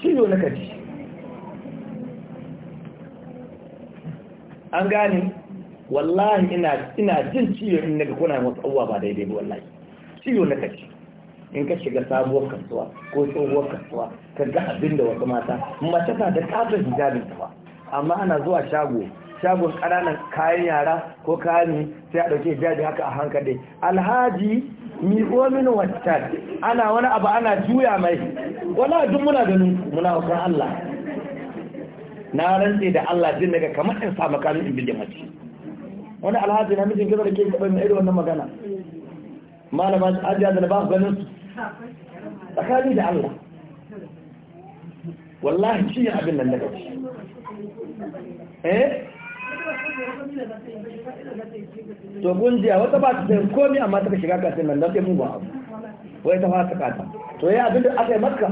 shi yau naka ji an gane wallahi ina ina jin ciwo in naka kuna wasu abubuwa ba daidai ba wallahi ciwo naka ji in ka shiga sabuwar kasuwa ko tsohuwar kasuwa ka ga abin da wasu mata mace ta da katon hijabin ta ba amma ana zuwa shago shagon ƙananan kayan yara ko kayan sai a ɗauke jaji haka a hankali alhaji miko min wancan ana wani abu ana juya mai wala duk muna ganin muna hukun Allah na rantse da Allah jin daga kamar in sa makamin in bijin mace wani alhaji na mijin gaba da ke taɓa mai irin wannan magana malama ajiya da na ba ganin su tsakani da Allah wallahi shi abin nan daga eh to gundiya wata ba ta da komi amma ta shiga kasar nan don mu ba wai ta fasa kata to ya abin da aka yi makka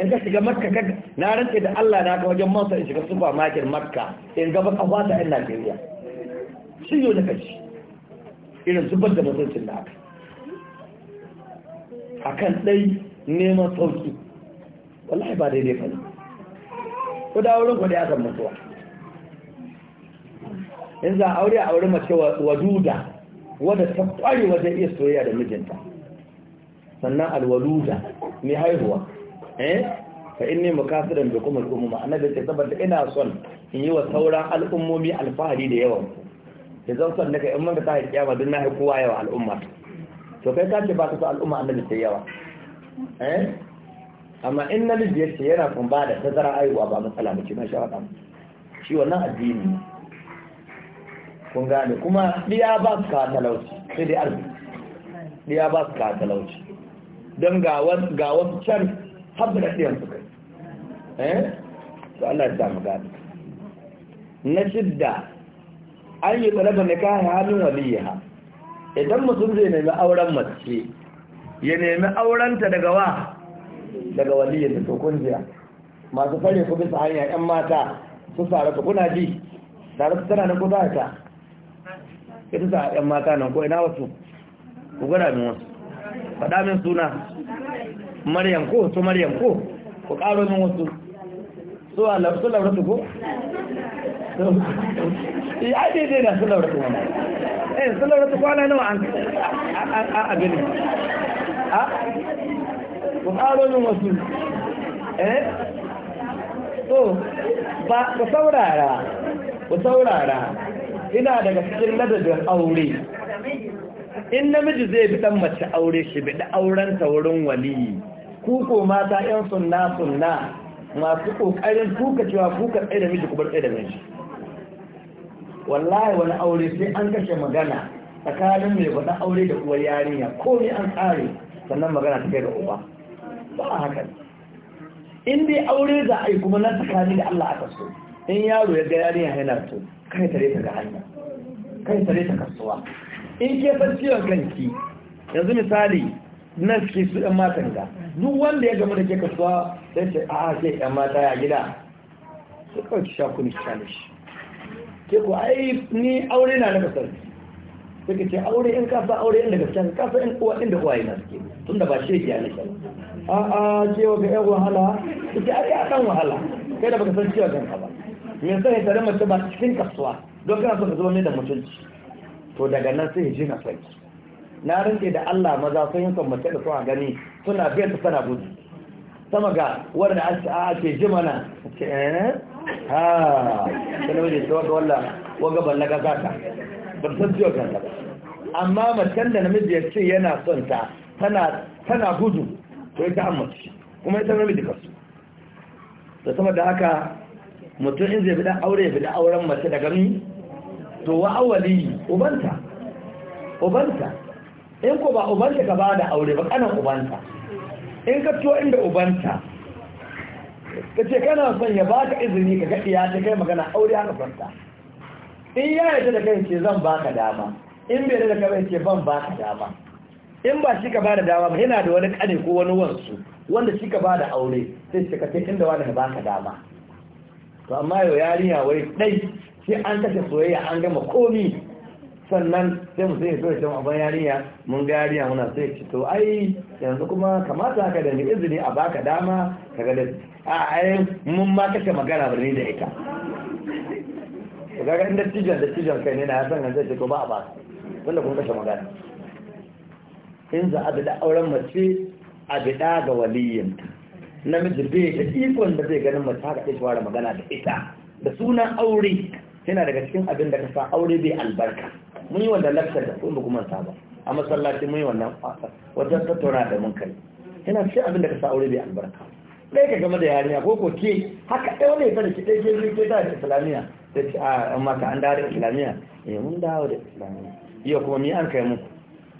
in ka shiga makka ka na rantse da Allah na ka wajen mansa in shiga market makka in gaba kafa fata in Najeriya shi yau da kashi irin zubar da mutuncin da aka akan dai neman sauki wallahi ba daidai ba ne ko da wurin ku da ya san mutuwa in za aure a aure mace waduda wadda ta kware wajen iya soyayya da mijinta sannan alwaluda mai haihuwa eh fa inni mukasiran bi kuma umma annabi ce saboda ina son in yi wa sauran al'ummomi alfahari da yawan da zan son naka in mun ta kiyama duk na haihuwa yawa al'umma to kai ka ce ba ka so al'umma annabi ta yawa eh amma in na lijiyar ce yana kun ba da tazara aiwa ba matsala mace na shawara shi wannan addini kun gane kuma diya ba su kawo talauci sai dai arziki diya ba su kawo talauci don ga wasu can haɓu da ɗiyan su kai eh to Allah ya samu gane na shidda an yi da ne kayan halin ha idan mutum zai nemi auren mace ya nemi aurenta daga wa daga waliyyar da tokon jiya masu fare ku bisa hanya 'yan mata su sarrafa kuna ji sarrafa tana na kusa ta ita sa yan mata nan ko ina wasu ku gwada min wasu faɗa min suna maryam ko su maryam ko ku ƙaro min wasu su a lafsu lauratu ko ya ake dai na su lauratu wani eh su lauratu kwana nawa an abin a ku ƙaro min wasu eh to ba ku saurara ku saurara ina daga cikin ladabin aure in namiji zai bi dan mace aure shi bi da auren ta wurin waliyi Kuko mata yan sunna sunna masu kokarin kuka cewa kuka tsaye da miji ku bar tsaye da miji wallahi wani aure sai an kashe magana tsakanin mai wani aure da uwar yarinya ne an tsare sannan magana ta kai ga uba ba a haka in dai aure za a yi kuma nan tsakani da Allah aka so in yaro ya ga yarinya yana so kai tare ta ga hanya kai tare ta kasuwa in ke san ciwon kanki yanzu misali na suke su ɗan matan da duk wanda ya gama da ke kasuwa sai ce a ce ɗan mata ya gida su kawai sha kuni shane shi ke ku ai ni aure na da kasar sai ka ce aure in ka aure inda gaskiya ka san in uwa inda uwaye na suke tun da ba shi ya shi a a ce wa ga yan wahala ita a ɗan wahala kai da baka san ciwon kanka ba me sai ya tare mace ba cikin kasuwa don kana so ka zama ne da mutunci to daga nan sai ji na sai na rinke da Allah maza sun yi son mace da suna gani suna biyar ta tana gudu sama ga wanda ake ji mana ce eh, eh ha kana wajen to ga wallah balla ga zaka Ban san ciwo ka amma mace da namiji ya ce yana son ta tana tana gudu to ita an mace kuma ita namiji kasu da sama da haka mutum in zai bi dan aure ya bi auren mace daga mi to wa awali ubanta ubanta in ko ba ubanta ka ba da aure ba kana ubanta in ka to inda ubanta ka ce kana son ya ba ka izini ka ga iya ta kai magana aure haka fanta in ya yi da kai ce zan baka dama in bai da kai ce ban baka dama in ba shi ka ba da dama ba yana da wani kane ko wani wansu wanda shi ka ba da aure sai shi ka ce inda wani ka dama to amma yau yarinya wai dai sai an kashe soyayya an gama komi sannan sai mu sai soyayya mu ban yarinya mun ga yarinya muna sai ci to ai yanzu kuma kamata haka da ni izini a baka dama ka ga da a ai mun ma kashe magana ba ni da ita kaga inda tijan da tijan kai ne na san nan zai ce to ba a ba wanda kun kashe magana in za a da auren mace a bida ga waliyinta namiji bai da ikon da zai ganin mace haka ɗaya shawara magana da ita da sunan aure yana daga cikin abin da ka sa aure bai albarka mun yi wannan lakshar da kuma kuma sa ba a masallaci mun yi wannan wajen tattauna da mun kai yana cikin abin da ka sa aure bai albarka ɗaya ka game da yarinya ko ko ke haka ɗaya wani ya sani ki ɗaya ke ke da islamiyya da ce a ah, maka an dawo da islamiyya eh mun dawo da islamiyya iya kuma mi an kai mu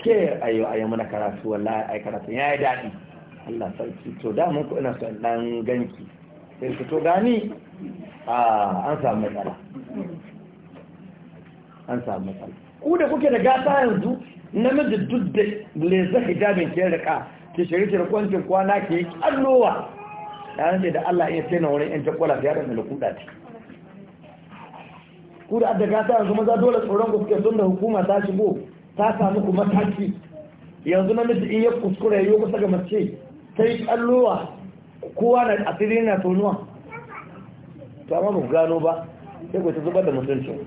ke ayo ayo mana karatu wallahi ai karatu yayi daɗi Allah sarki to da mun ku ina son dan ganki sai ku to gani a an samu matsala an samu matsala ku da kuke da gata yanzu namiji duk da leza hijabin ke rika ke da kwancin kwana ke yi kallowa ya ce da Allah ya sai na wurin yan takwala da yaran da ce ku da adda gata yanzu maza dole tsoron ku suke son da hukuma ta shigo ta samu ku mataki yanzu namiji in ya kuskure ya yi kusa ga mace ta yi tsallowa kowa na asiri na tonuwa ta ma ba gano ba sai ku ta zubar da mutuncin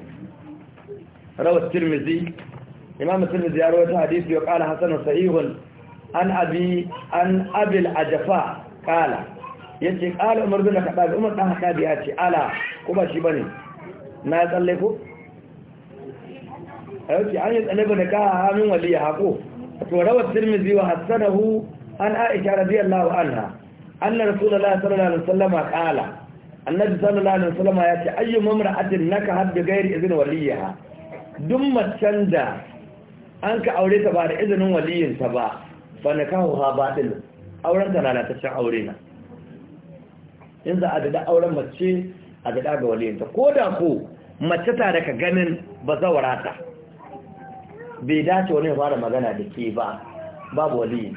rawar tirmizi imam tirmizi ya rawata hadisi ya kala hasan sahihun an abi an abil ajafa kala ce kala umar bin khattab umar ɗan haka ya ce ala ko ba shi ne? na tsalle ko yau ce an yi tsalle bane ka hamin waliya hako to rawar tirmizi wa Hassanahu. an aisha radiyallahu anha anna rasulullahi sallallahu alaihi wasallam qala annabi sallallahu alaihi wasallam ya ce ayyu mamra'atin nakahat bi gairi izni waliyaha." duk macen da an ka aure ta ba da izinin waliyinta ba fa nakahu ha batil auren ta lalataccen aure na in za a dada auren mace a dada ga waliyinta ko da ko mace ta daga ganin ba zawara ta bai dace wani ya fara magana da ke ba babu waliyin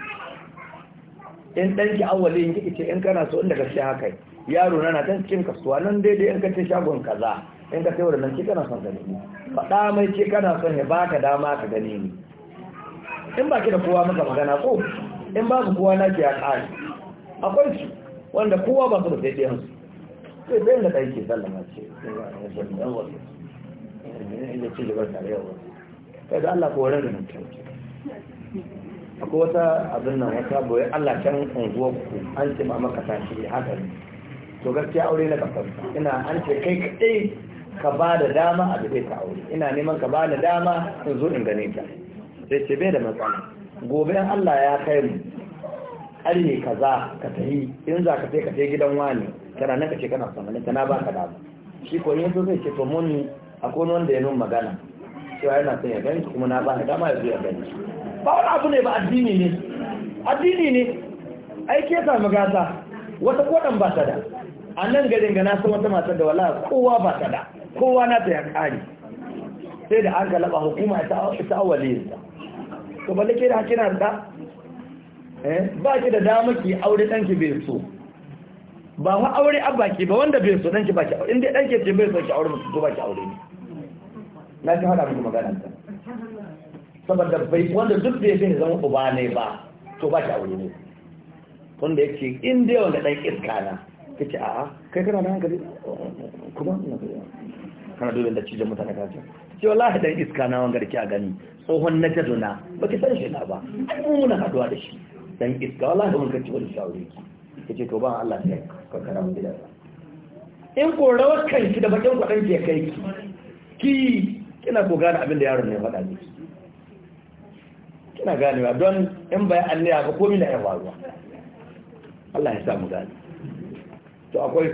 in ɗanki awali in kike ce in kana so inda gaske haka yaro na na can cikin kasuwa nan daidai in ka ce shagon kaza in ka sayar da nan ce kana son gani ne faɗa mai ce kana son ya baka dama ka gani ne in ba ki da kowa maka magana ko in ba ku kowa na ya kare akwai su wanda kowa ba su da sai ɗayan su sai ɗayan da ɗan ke sallama ce ɗan wasu inda ce libar tare yau wasu kai da Allah ko wurin da nan akwai wata abin nan wata boye Allah can unguwa ku an ce ma maka tashi haka ne to gaskiya aure na kafar ina an ce kai kadai ka ba da dama a bude ka aure ina neman ka ba da dama in zo in gane ta sai ce bai da matsala gobe in Allah ya kai mu ƙarni kaza ka tafi in za ka kai ka je gidan wani kana nan ka ce kana samanin kana ba ka dama shi ko yin so zai ce to mun akwai wanda ya nuna magana cewa yana son ya gani kuma na ba da dama ya zo ya gani ba wani abu ne ba addini ne addini ne ai ke samu gasa wata kodan ba ta da a nan garin ga na san wata matar da wala kowa ba ta da kowa na ta ya kare sai da an galaba hukuma ta awale ta to balle ke da na da eh, ba ki da dama ki aure ɗanki bai so ba ma aure abba ki ba wanda bai so ɗanki ba ki aure inda ɗanki ce bai so ki aure mutu ba ki aure ne na shi hada muku magana ta saboda bai wanda duk da yake zama uba ne ba to ba shi aure ne wanda yake in dai wanda dan iska na kace a a kai kana nan gari kuma kana dole da cije mutane ka ce ce wallahi dan iska na wanda kike a gani tsohon na jaduna ba ki san shi na ba mun muna haduwa da shi dan iska wallahi mun kace wani shawari kace to ba Allah ne ka kana mun gida in ko rawar kanki da bakin kwadan ke kai ki kina ko gane abin da yaron ne faɗa ne kina gane ba don in bayan an ne ba komi na yan faruwa Allah ya sa mu gane to akwai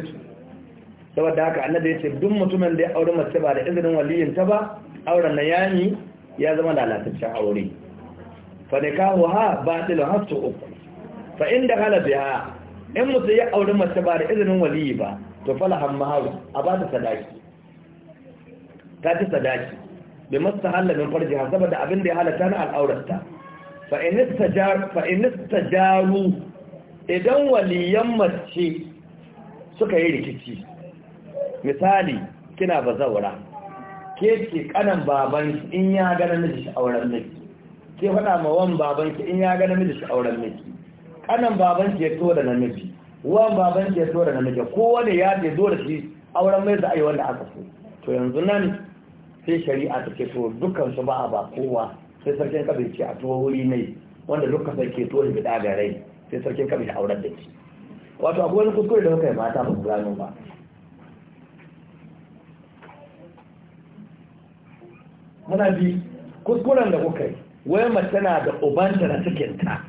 saboda haka annabi ya ce duk mutumin da ya aure mace ba da izinin waliyin ta ba auren na yami ya zama lalataccen aure fa ne kawo ha ba da hasu uku fa inda hala biya, in mutum ya aure mace ba da izinin waliyi ba to fala hamma a ba ta sadaki ta ci sadaki bi masta hallamin farjiha saboda abin da ya halatta na al'aurarta fa inista jaru idan waliyan mace suka yi rikici misali kina zaura ke ce kanan baban in ya gana miji auren miki ke faɗa ma wan baban ki in ya gana miji auren miki kanan baban ki ya to da namiji wan baban ki ya to da namiji kowane ya ce zo da shi auren mai za a yi wanda aka so to yanzu nan sai shari'a ta ce to dukkan su ba a ba kowa sai sarkin kabir ce a tuwo wuri ne wanda dukkan sarki to da bida rai sai sarkin a wurin da ke wato akwai wani kuskure da kuka yi mata ba gano ba muna bi kuskuren da kuka yi wai mace na da ubanta na cikinta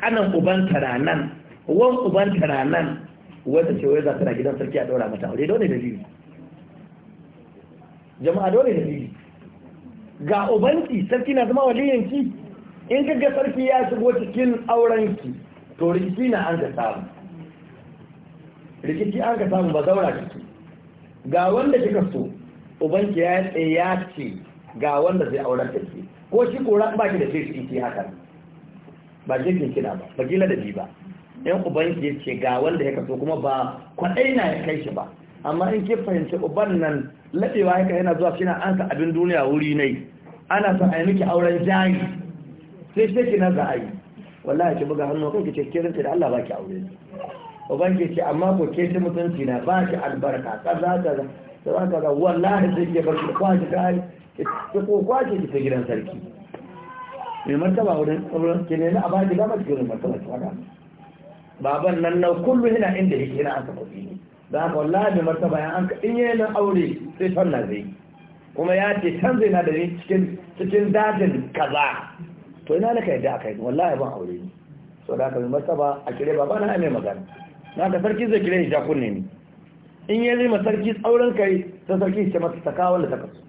kanan ubanta na nan wan ubanta na nan wata ce wai za ta na gidan sarki a daura mata aure dole wani dalili. jama'a dole da biyu ga ubanki sarki na zama waliyanki in kaga sarki ya shigo cikin aurenki to rikici na an ga samu rikici an ga samu ba zaura kiki, ga wanda kika so ubanki ya tsaya ce ga wanda zai auren da ke ko shi ran baki da shi ke haka ba kin kina ba ba gila da bi ba yan ubanki ya ce ga wanda ya kaso kuma ba kwaɗai na ya kai shi ba amma in ke fahimci uban nan laɗewa haka yana zuwa shi na an sa abin duniya wuri ne ana son a yi miki auren jari sai sai ki na za a yi wallahi ki buga hannu kai ki ce kirin da Allah ba ki aure uban ke ce amma ko ke ci mutunci na ba ki albarka kaza kaza kaza kaza wallahi sai ke bar ki kwaci kai ki ko kwaci ki ta gidan sarki mai martaba wurin wurin ki ne na abadi gaba ki wurin martaba ki haka baban nan na kullu yana inda yake yana aka kuɗi da haka wallahi martaba ya an in yayin nan aure sai na zai kuma ya ce can zai na da ni cikin cikin dajin kaza to ina naka yadda aka yi wallahi ban aure ni so da aka yi martaba a kire baba na mai magana na ka sarki zai kire hijab kunne ni in ya zai masarki tsauran kai ta sarki ce masa ta kawo ta kasu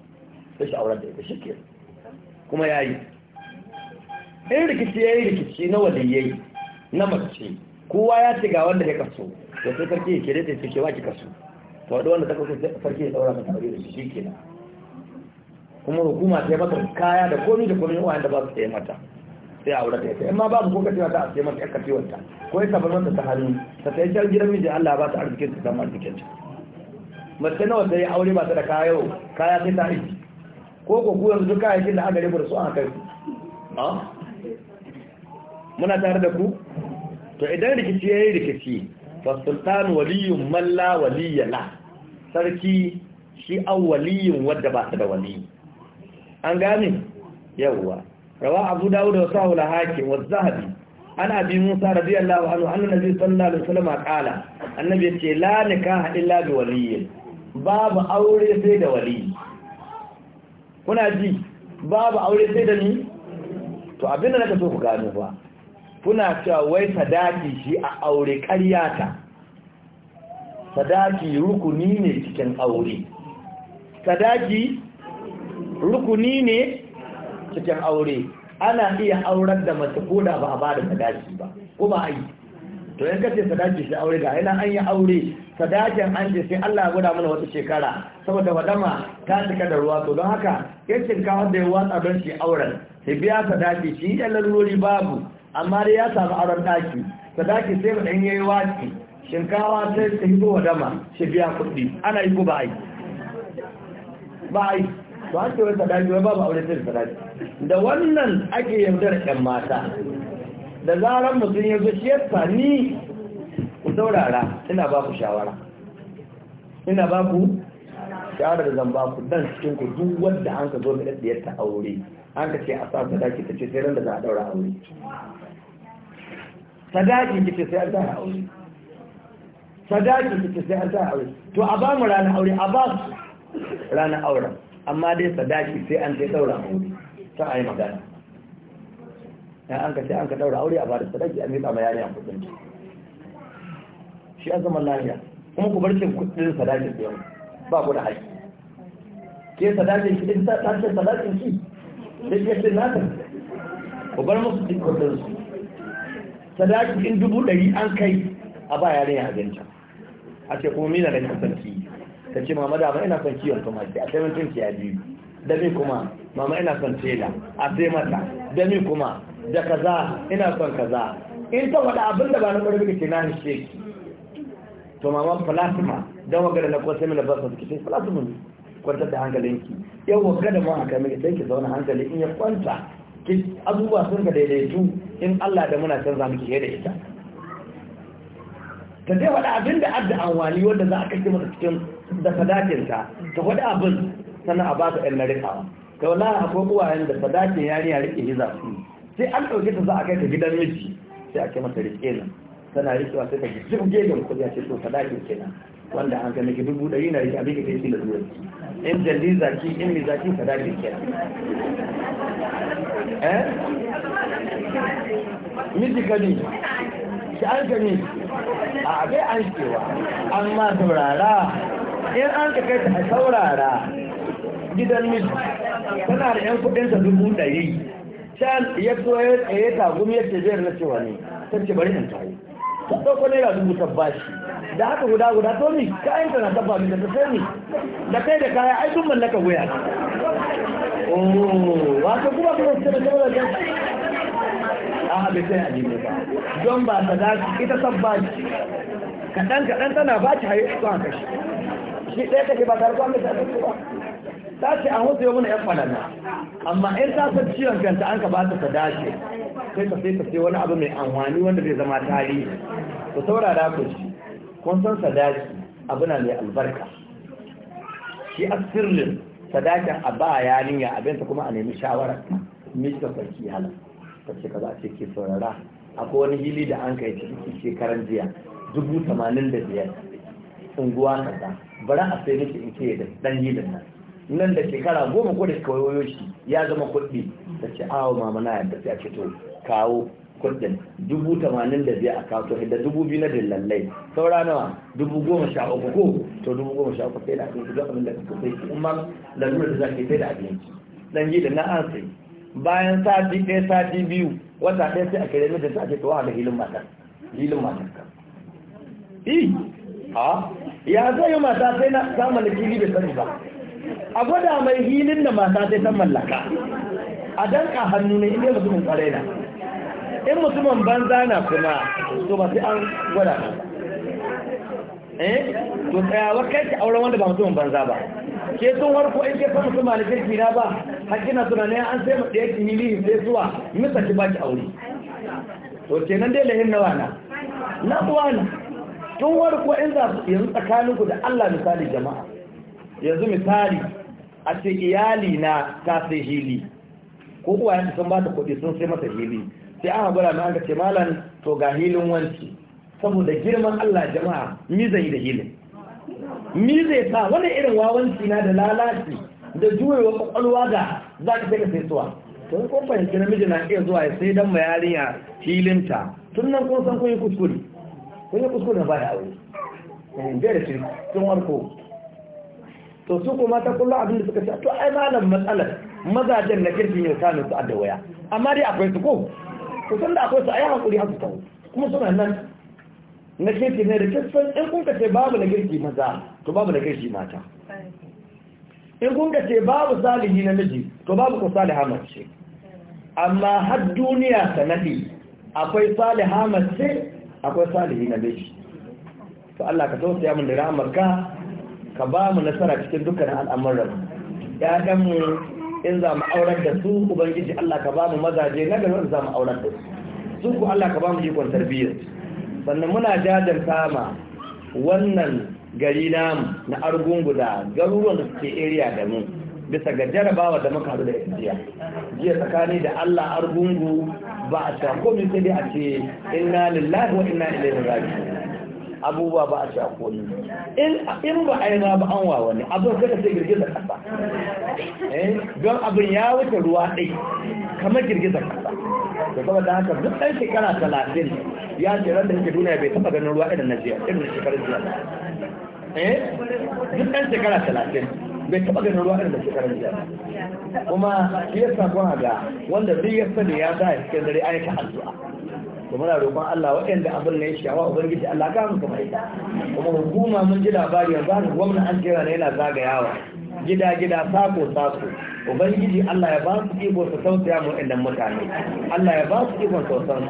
sai shi auren da ita shi kuma ya yi in rikici ya yi rikici na waliyyai na mace kowa ya ce ga wanda ya kaso da sai sarki ya kere ta ce ke waki kasu ta wadda wanda ta kasu sarki ya saura mata aure da shi shikenan kuma hukuma ta yi mata kaya da komi da komi wa'anda ba su ta yi mata sai a aure ta yi in ma babu ko kacewa ta a sai mata yakka ciwonta ko ya sabar mata ta hannu ta sai shan gidan miji Allah ba ta arzikin ta samu arzikin ta mace nawa ta yi aure ba ta da kaya yau kaya sai ta aiki ko ko ku yanzu kayayyakin da aka rubuta su an kai ah? muna tare da ku to idan rikici ya yi rikici fasultan waliyun malla waliyala sarki shi an waliyun wadda ba su da wali. an gane yawwa rawa abu dawud wa sahul hakim wa zahabi an abi musa radiyallahu anhu anna nabi sallallahu alaihi wasallam qala annabi yace la nikaha illa bi waliyin babu aure sai da wali. kuna ji babu aure sai da ni to abin da nake so ku gano ba kuna cewa wai sadaki shi a aure ta. sadaki rukuni ne cikin aure sadaki rukuni ne cikin aure ana iya aurar da mace ko da ba a ba da sadaki ba ko ba a to yanka ce sadaki shi aure ga ina an yi aure sadakin an ce sai Allah ya gwada mana wata shekara saboda wadama ta cika da ruwa to don haka yankin kawar da ya watsa don shi auren sai biya sadaki shi yan lalurori babu amma dai ya samu aron ɗaki sadaki sai mu ɗan yayi waki shinkawa sai ta hibo wa dama shi biya kuɗi ana yi ko ba ai ba ai ba ake ta sadaki wai babu aure sai sadaki da wannan ake yaudar ƴan mata da zaran mutum ya zo shi yasa ni ku saurara ina ba ku shawara ina ba ku shawarar zan ba ku dan cikin ku duk wanda an ka zo mai ɗaɗɗiyar ta aure an ka ce a sa sadaki ta ce sai ran da za a ɗaura aure Sadaki kike sai an tsaya aure sadaki kike sai an tsaya aure to a ba mu ranar aure a ba su ranar auren amma dai sadaki sai an sai daura aure ta a yi magana ya an ka sai an ka daura aure a ba da sadaki a miƙa bayani a kudin shi an zama lafiya kuma ku bar cin kudin sadakin da yau ba ku da haƙi ke sadakin ki din ta ce sadaki ki da ke ce ta ku bar musu duk kudin su sadaki in dubu ɗari an kai a ba yare ya ganta a ce kuma mina da kan sarki ta ce mama da ina son kiwon tumaki a sai mutum ya biyu da me kuma mama ina son tela a sai mata da me kuma da kaza ina son kaza in ta faɗa abin da ba na ƙwarfi ke na hishe ki to mama plasma don wagada na kwasai sai mina basa suke sai plasma ne kwantar da hankalinki yau wagada ma a kai mai sai ki zauna hankali in ya kwanta abubuwa sun ka daidaitu in Allah da muna canza miki da ita ta zai wada abin da an anwali wanda za a kashe masa cikin da sadakin ta ta faɗa abin sannan a ba su ɗan narikawa kai wala akwai kogowa yadda sadakin yarinya rike hiza su sai an ɗauke ta za a kai ta gidan miji sai a ke masa rike nan tana rikewa sai ta duk gegen kuɗi a ce to sadakin kenan wanda an gani ki dubu ɗari na rike abin da kai da zuwa in jalli zaki in mi zaki sadakin kenan eh? miji gani ki an gani a bai an cewa an ma saurara in an ka kai ta saurara gidan miji tana da yan kudinsa dubu ɗari can ya so ya tsaye tagumi ya ce biyar na cewa ne ta ce bari in tayi ta ɗauko naira dubu ta bashi da haka guda guda to ni kayan ta na ta da ta sai ni da kai da kaya ai dun mallaka wuya oh, wasu kuma kuma sai da jama'a a halittar a jini ba don ba ta dace ita san ba ci kaɗan kaɗan tana ba ci haye su haka shi shi ɗaya take ba tare kwamfita ba ta ce an wasu yau mana ƴan falana amma in ta san ciwon kanta an ka ba ta dace sai ka sai ka sai wani abu mai amfani wanda zai zama tarihi ku saurara ku ci. kun san sadaki abu na mai albarka shi asirin sadakin a ba yarinya abinta kuma a nemi shawara mista sarki halar ta ce kaza a ce ke saurara akwai wani hili da an kai ciki shekaran jiya dubu tamanin da biyar unguwa kaza bari a sai miki in ke da dan hilin nan nan da shekara goma ko da kawai wayo shi ya zama kuɗi ta ce awo mama na yadda ta a ce to kawo kuɗin dubu tamanin da biyar a kawo to da dubu biyu na lallai. saura nawa dubu goma sha uku ko to dubu goma sha uku sai da abinci duk abin da kuka sai in ma lalura da za sai da abinci dan gida na an sai bayan sati ɗaya sati biyu wata ɗaya sai a kare da ta ce tsawa da hilin mata hilin mata ka yi a ya zai yi mata sai na samun da kiri bai sani ba a gwada mai hilin da mata sai ta mallaka a danka hannu ne inda mutumin kwarai na in mutumin banza na kuma to ba sai an gwada ba eh to tsayawa kai ta auren wanda ba mutumin banza ba ke sun harko in ke samun mutum malakin kina ba hakina tunanin an sai mu ɗaya kimili sai zuwa misa ki baki aure to kenan dai lahin nawa na na uwana tun harko in za su yanzu tsakaninku da Allah misali jama'a yanzu misali a ce iyali na ta sai hili ko kuwa yanzu sun ba ta kuɗi sun sai masa hili sai aka gwada an ka ce malam to ga hilin wanci saboda girman Allah jama'a yi yi da hilin ni zai sa wani irin wawanci na da lalaci da juyewa kwakwalwa ga za ka sai ka sai suwa to ko fahimci namiji na iya zuwa ya sai dan ma yarinya tun nan kun san kun yi kuskure kun yi kuskure ba da aure in eh, bai da shi tun warko to su kuma ta kullu abin da suka ce to ai malam matsalar mazajen na kirki ne sami su adda waya amma dai akwai su ko kusan da akwai su a yi haƙuri har kuma suna nan na girki ne da kyassan in kun ce babu na girki maza to babu na girki mata in kun ce babu salihi na miji to babu Salihu saliha mace amma har duniya sanadi akwai saliha mace akwai salihi na miji to Allah ka tausaya mun da rahmar ka ba mu nasara cikin dukkan al'amuran Ya dan mu in za mu aurar da su ubangiji Allah ka ba mu mazaje na gari za mu aurar da su su ku Allah ka ba mu ikon tarbiyyar sannan muna jajar sama wannan gari namu na argungu da garuruwan da suke area da mu bisa ga jarabawa da muka da jiya jiya tsakani da allah argungu ba a sha komi sai dai a ce inna lillahi wa inna ilaihi raji'un abubuwa ba a sha komi in ba a yi ba an wa wani abin kada sai girgizar kasa eh, don abin ya wuce ruwa ɗai kamar girgizar kasa da da haka duk ɗan shekara talatin ya ce ran da suke duniya bai taɓa ganin ruwa irin na jiya irin shekarun jiya eh duk ɗan shekara talatin bai taɓa ganin ruwa irin na shekarun jiya kuma shi ya sa kuma ga wanda duk ya sani ya sa cikin dare ayyuka addu'a to muna roƙon Allah waɗanda abin ne shawa ubangiji Allah ka mu kuma ita kuma hukuma mun ji labari yanzu gwamnati an kira ne yana zagayawa gida-gida sako-sako ubangiji Allah ya ba su iko su tausaya mu idan mutane Allah ya ba su iko tausan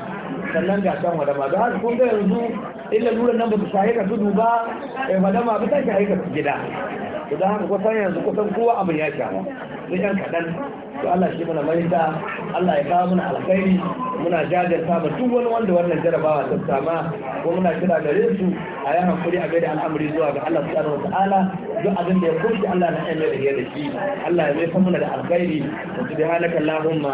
sannan ga san wadama da haka kun ga yanzu illa lura nan ba su shahe ka tudu ba eh wadama ba ta shahe ka gida to da haka kusan yanzu kusan kowa abin ya shafa sai yan kaɗan to Allah shi mana da, Allah ya kawo mana alkhairi muna jajanta ba duk wani wanda wannan jarabawa ta sama ko muna kira gare su a yi hankuri a gaida al'amari zuwa ga Allah subhanahu wa ta'ala duk abin da ya kunshi Allah na ya da shi Allah ya mai mana da alkhairi wa subhanaka allahumma